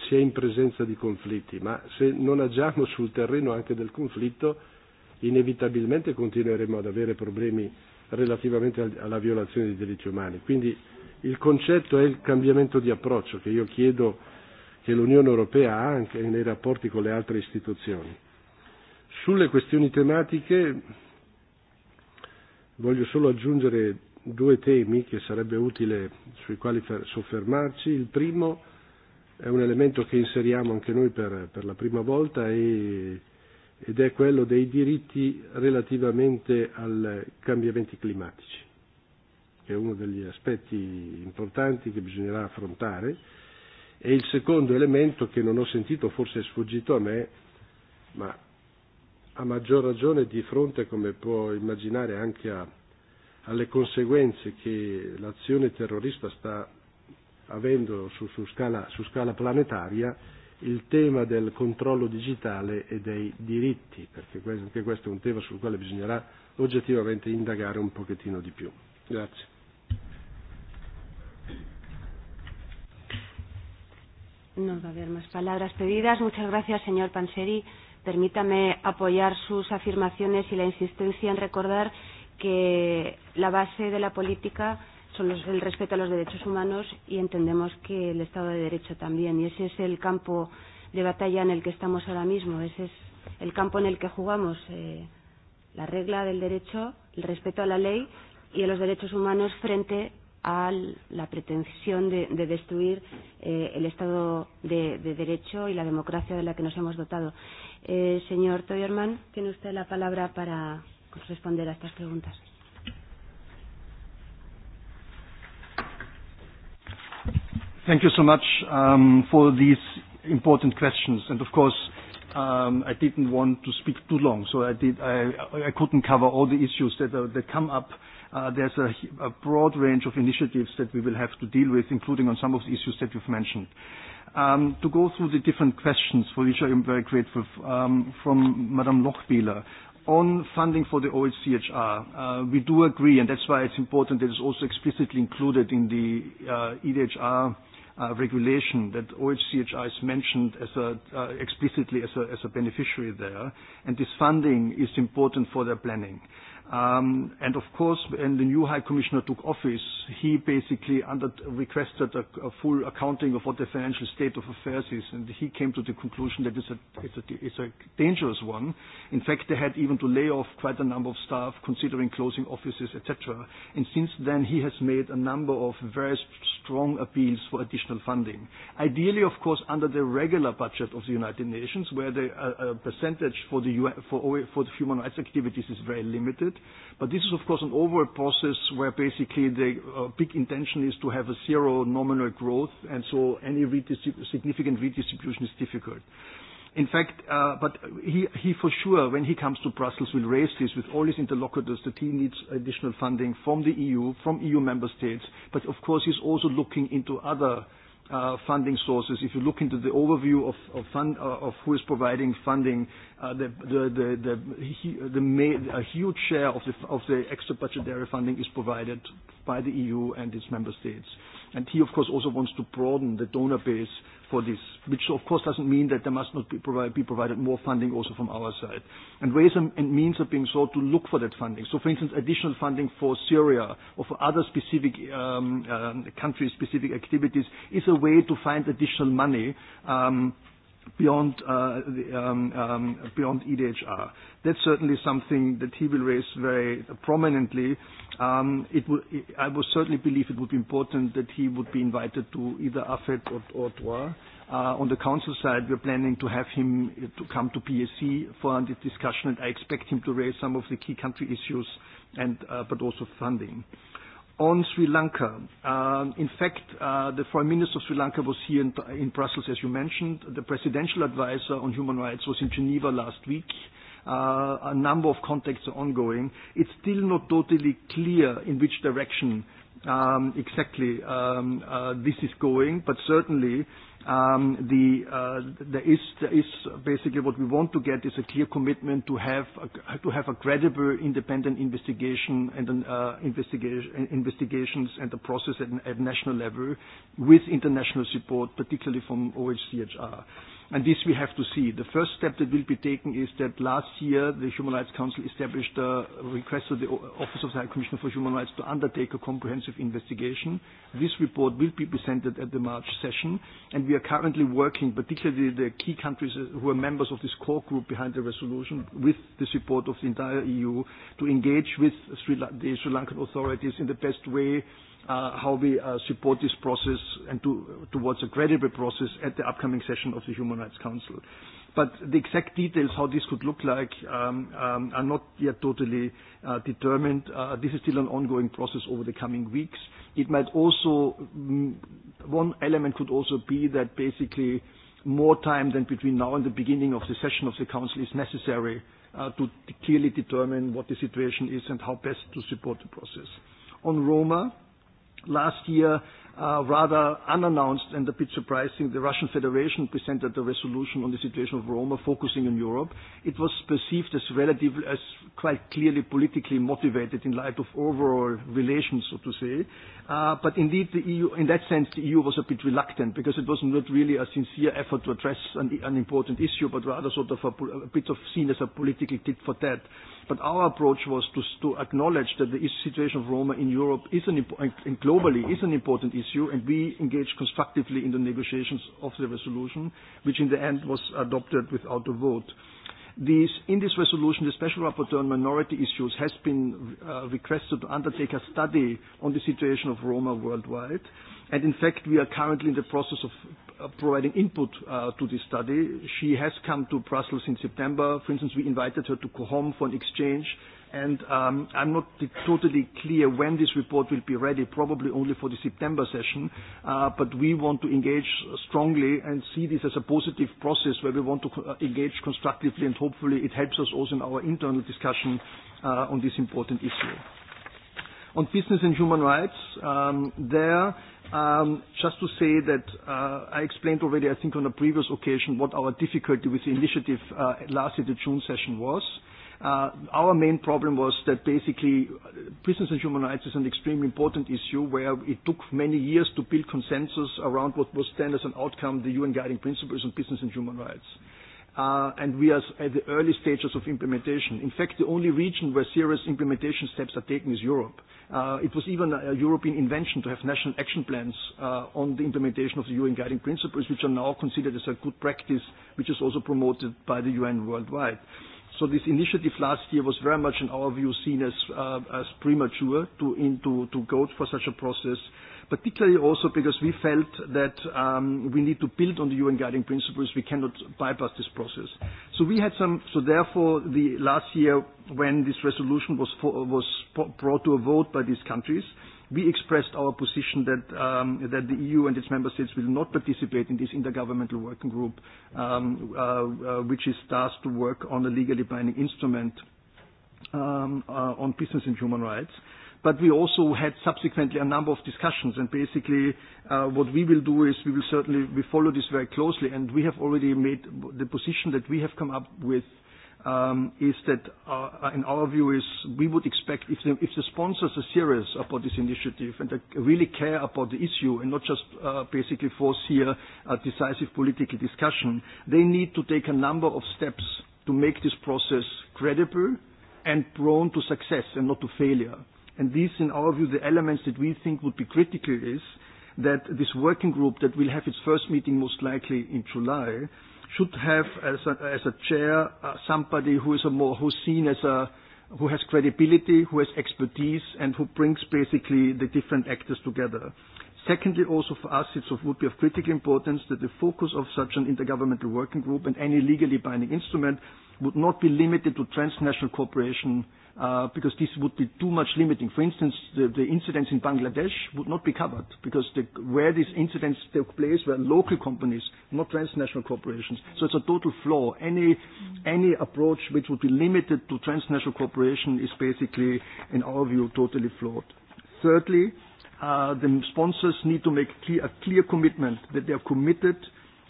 si è in presenza di conflitti, ma se non agiamo sul terreno anche del conflitto, inevitabilmente continueremo ad avere problemi relativamente alla violazione dei diritti umani. Quindi il concetto è il cambiamento di approccio che io chiedo che l'Unione Europea ha anche nei rapporti con le altre istituzioni. Sulle questioni tematiche Voglio solo aggiungere due temi che sarebbe utile sui quali soffermarci. Il primo è un elemento che inseriamo anche noi per, per la prima volta e, ed è quello dei diritti relativamente ai cambiamenti climatici, che è uno degli aspetti importanti che bisognerà affrontare. E il secondo elemento che non ho sentito, forse è sfuggito a me, ma a maggior ragione di fronte, come può immaginare, anche a, alle conseguenze che l'azione terrorista sta avendo su, su, scala, su scala planetaria, il tema del controllo digitale e dei diritti, perché questo, anche questo è un tema sul quale bisognerà oggettivamente indagare un pochettino di più. Grazie. No va a haber más palabras pedidas. Muchas gracias, señor Panseri. Permítame apoyar sus afirmaciones y la insistencia en recordar que la base de la política son los, el respeto a los derechos humanos y entendemos que el Estado de Derecho también. Y ese es el campo de batalla en el que estamos ahora mismo. Ese es el campo en el que jugamos eh, la regla del derecho, el respeto a la ley y a los derechos humanos frente a la pretensión de, de destruir eh, el Estado de, de Derecho y la democracia de la que nos hemos dotado. Eh, señor Toyerman, tiene usted la palabra para responder a estas preguntas. Thank you so much um, for these important questions. And of course, um, I didn't want to speak too long, so I, did, I, I couldn't cover all the issues that, uh, that come up uh, there's a, a broad range of initiatives that we will have to deal with, including on some of the issues that you've mentioned. Um, to go through the different questions, for which I am very grateful, um, from Madame Lochbieler. On funding for the OHCHR, uh, we do agree, and that's why it's important that it's also explicitly included in the uh, EDHR uh, regulation that OHCHR is mentioned as a, uh, explicitly as a, as a beneficiary there, and this funding is important for their planning. Um, and of course, when the new High Commissioner took office, he basically under, requested a, a full accounting of what the financial state of affairs is, and he came to the conclusion that it's a, it's, a, it's a dangerous one. In fact, they had even to lay off quite a number of staff, considering closing offices, etc. And since then, he has made a number of very strong appeals for additional funding. Ideally, of course, under the regular budget of the United Nations, where the uh, uh, percentage for the UN, for, for the human rights activities is very limited But this is, of course, an overall process where basically the uh, big intention is to have a zero nominal growth, and so any redistrib- significant redistribution is difficult. In fact, uh, but he, he for sure, when he comes to Brussels, will raise this with all his interlocutors that he needs additional funding from the EU, from EU member states. But of course, he's also looking into other uh, funding sources. If you look into the overview of, of, uh, of who is providing funding, uh, the, the, the, the, the, huge share of the, of the extra budgetary funding is provided by the EU and its member states. And he, of course, also wants to broaden the donor base for this, which, of course, doesn't mean that there must not be, provide be provided more funding also from our side. And ways and means are being sought to look for that funding. So, for instance, additional funding for Syria or for other specific um, um, country-specific activities is a way to find additional money um, beyond uh, the, um, um, beyond EDHR. That's certainly something that he will raise very prominently. Um, it would, I would certainly believe it would be important that he would be invited to either AFET or, or TOA. Uh, on the council side, we're planning to have him uh, to come to PSC for the discussion, and I expect him to raise some of the key country issues, and uh, but also funding on Sri Lanka, um, in fact, uh, the Foreign Minister of Sri Lanka was here in, in Brussels, as you mentioned. The Presidential Advisor on Human Rights was in Geneva last week. Uh, a number of contacts are ongoing. It's still not totally clear in which direction um, exactly um, uh, this is going, but certainly Um, the, uh, there, is, there is basically what we want to get is a clear commitment to have a, to have a credible independent investigation and an, uh, investigations and the process at, at national level with international support, particularly from OHCHR. And this we have to see. The first step that will be taken is that last year the Human Rights Council established a request to the Office of the High Commissioner for Human Rights to undertake a comprehensive investigation. This report will be presented at the March session, and we are currently working, particularly the key countries uh, who are members of this core group behind the resolution, with the support of the entire EU, to engage with the Sri Lankan authorities in the best way uh, how we uh, support this process and to, towards a credible process at the upcoming session of the Human Rights Council. But the exact details how this could look like um, um, are not yet totally uh, determined. Uh, this is still an ongoing process over the coming weeks. It might also, mm, one element could also be that basically more time than between now and the beginning of the session of the Council is necessary uh, to clearly determine what the situation is and how best to support the process. On Roma, last year uh, rather unannounced and a bit surprising, the Russian Federation presented a resolution on the situation of Roma focusing on Europe. It was perceived as relatively, as quite clearly politically motivated in light of overall relations, so to say. Uh, but indeed, the EU, in that sense, the EU was a bit reluctant because it was not really a sincere effort to address an, an important issue, but rather sort of a, a bit of seen as a political tit for tat. But our approach was to, to acknowledge that the situation of Roma in Europe is an, and globally is an important issue issue, and we engaged constructively in the negotiations of the resolution, which in the end was adopted without a vote. These, in this resolution, the Special Rapporteur on Minority Issues has been uh, requested to undertake a study on the situation of Roma worldwide. And in fact, we are currently in the process of uh, providing input uh, to this study. She has come to Brussels in September. For instance, we invited her to Cohom for an exchange and um, I'm not totally clear when this report will be ready, probably only for the September session. Uh, but we want to engage strongly and see this as a positive process where we want to uh, engage constructively, and hopefully it helps us also in our internal discussion uh, on this important issue. On business and human rights, um, there, um, just to say that uh, I explained already, I think, on a previous occasion, what our difficulty with the initiative uh, last year, the June session was. Uh, our main problem was that basically uh, business and human rights is an extremely important issue where it took many years to build consensus around what was then as an outcome the UN guiding principles on business and human rights. Uh, and we are at the early stages of implementation. In fact, the only region where serious implementation steps are taken is Europe. Uh, it was even a European invention to have national action plans uh, on the implementation of the UN guiding principles, which are now considered as a good practice, which is also promoted by the UN worldwide. So this initiative last year was very much, in our view, seen as, uh, as premature to, in, to, to go for such a process, particularly also because we felt that um, we need to build on the UN guiding principles. We cannot bypass this process. So we had some, so therefore the last year when this resolution was, for, was brought to a vote by these countries, We expressed our position that, um, that the EU and its member states will not participate in this intergovernmental working group, um, uh, uh, which is tasked to work on a legally binding instrument um, uh, on business and human rights but we also had subsequently a number of discussions and basically uh, what we will do is we will certainly we follow this very closely and we have already made the position that we have come up with um, is that, uh, in our view, is we would expect if the, if the sponsors are serious about this initiative and they really care about the issue and not just uh, basically force here a decisive political discussion, they need to take a number of steps to make this process credible and prone to success and not to failure. And these, in our view, the elements that we think would be critical is that this working group that will have its first meeting most likely in July should have as a, as a chair uh, somebody who is a more who's seen as a who has credibility, who has expertise, and who brings basically the different actors together. Secondly, also for us, it would be of critical importance that the focus of such an intergovernmental working group and any legally binding instrument would not be limited to transnational cooperation uh, uh, because this would be too much limiting. For instance, the, the incidents in Bangladesh would not be covered because the, where these incidents took place were local companies, not transnational corporations. So it's a total flaw. Any, any approach which would be limited to transnational corporation is basically, in our view, totally flawed. Thirdly, uh, the sponsors need to make clear, a clear commitment that they are committed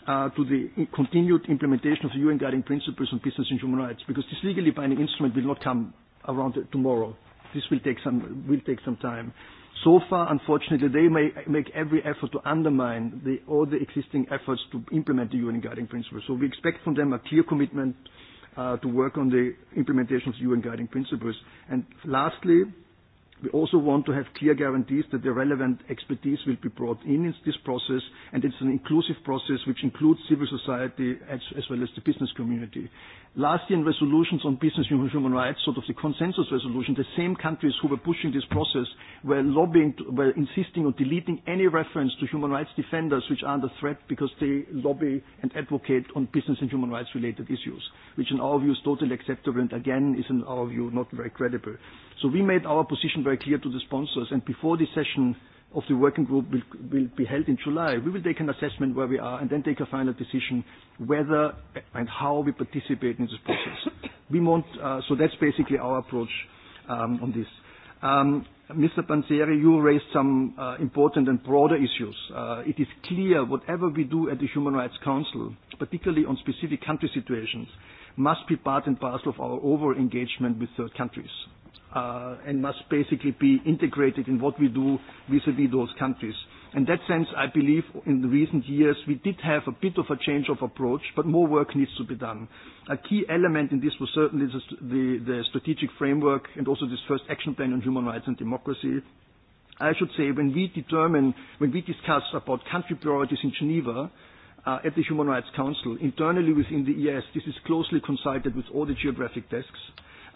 uh, to the continued implementation of the UN guiding principles on business and human rights, because this legally binding instrument will not come around tomorrow. This will take some, will take some time. So far, unfortunately, they may make every effort to undermine the, all the existing efforts to implement the UN guiding principles. So we expect from them a clear commitment uh, to work on the implementation of the UN guiding principles. And lastly, We also want to have clear guarantees that the relevant expertise will be brought in in this process, and it's an inclusive process which includes civil society as, as well as the business community. Last year in resolutions on business and human rights, sort of the consensus resolution, the same countries who were pushing this process were lobbying, were insisting on deleting any reference to human rights defenders which are under threat because they lobby and advocate on business and human rights related issues, which in our view is totally acceptable and again is in our view not very credible. So we made our position very clear to the sponsors, and before the session of the working group will, will be held in July, we will take an assessment where we are and then take a final decision whether and how we participate in this process. we want, uh, so that's basically our approach um, on this. Um, Mr. Panzeri, you raised some uh, important and broader issues. Uh, it is clear whatever we do at the Human Rights Council, particularly on specific country situations, must be part and parcel of our overall engagement with third countries uh, and must basically be integrated in what we do vis-à-vis those countries. In that sense, I believe in the recent years we did have a bit of a change of approach, but more work needs to be done. A key element in this was certainly the, the strategic framework and also this first action plan on human rights and democracy, i should say, when we determine, when we discuss about country priorities in Geneva uh, at the Human Rights Council, internally within the ES, this is closely consulted with all the geographic desks.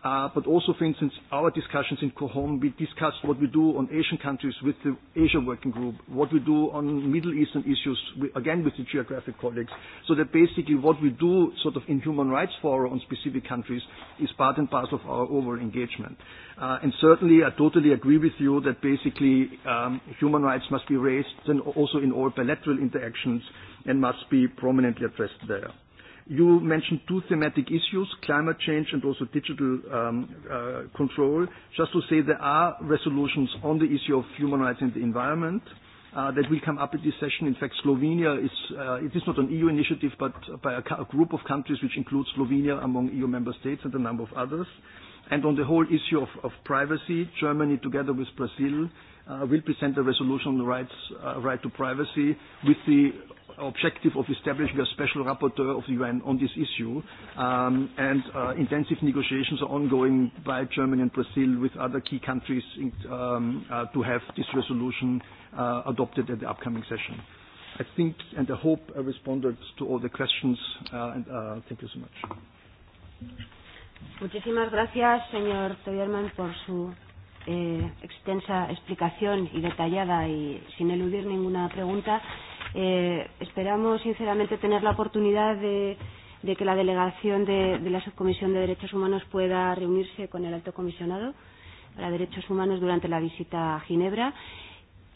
Uh, but also, for instance, our discussions in Cohom, we discussed what we do on Asian countries with the Asia Working Group, what we do on Middle Eastern issues, with, again with the geographic colleagues, so that basically what we do sort of in human rights forum on specific countries is part and parcel of our overall engagement. Uh, and certainly, I totally agree with you that basically um, human rights must be raised and also in all bilateral interactions and must be prominently addressed there. You mentioned two thematic issues, climate change and also digital um, uh, control. Just to say there are resolutions on the issue of human rights and the environment uh, that will come up at this session. In fact, Slovenia is, uh, it is not an EU initiative, but by a, a group of countries which includes Slovenia among EU member states and a number of others. And on the whole issue of, of privacy, Germany together with Brazil uh, will present a resolution on the rights, uh, right to privacy with the objective of establishing a special rapporteur of the UN on this issue, um, and uh, intensive negotiations are ongoing by Germany and Brazil with other key countries in, um, uh, to have this resolution uh, adopted at the upcoming session. I think and I hope I responded to all the questions, uh, and uh, thank you so much. Muchísimas gracias, señor Toyerman, por su eh, extensa explicación y detallada y sin eludir ninguna pregunta. Eh, esperamos, sinceramente, tener la oportunidad de, de que la delegación de, de la Subcomisión de Derechos Humanos pueda reunirse con el Alto Comisionado para Derechos Humanos durante la visita a Ginebra.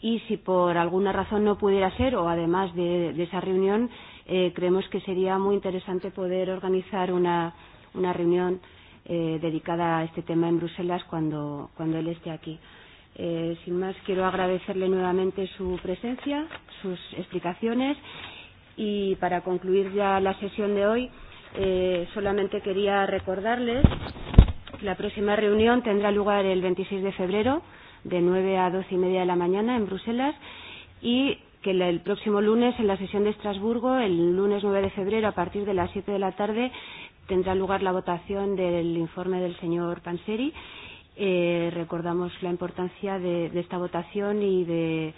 Y si por alguna razón no pudiera ser, o además de, de esa reunión, eh, creemos que sería muy interesante poder organizar una, una reunión eh, dedicada a este tema en Bruselas cuando, cuando él esté aquí. Eh, sin más, quiero agradecerle nuevamente su presencia, sus explicaciones y para concluir ya la sesión de hoy, eh, solamente quería recordarles que la próxima reunión tendrá lugar el 26 de febrero de 9 a 12 y media de la mañana en Bruselas y que el próximo lunes en la sesión de Estrasburgo, el lunes 9 de febrero a partir de las 7 de la tarde, tendrá lugar la votación del informe del señor Panseri eh, recordamos la importancia de, de esta votación y de,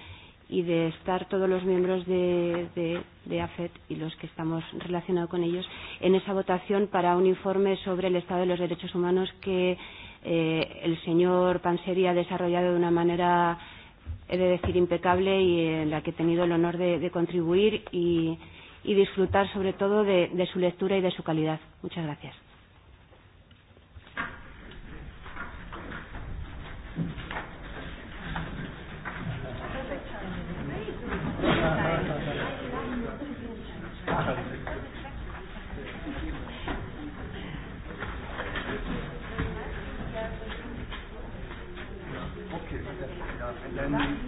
y de estar todos los miembros de, de, de AFET y los que estamos relacionados con ellos en esa votación para un informe sobre el estado de los derechos humanos que eh, el señor Panseri ha desarrollado de una manera, he de decir, impecable y en la que he tenido el honor de, de contribuir y, y disfrutar sobre todo de, de su lectura y de su calidad. Muchas gracias. Then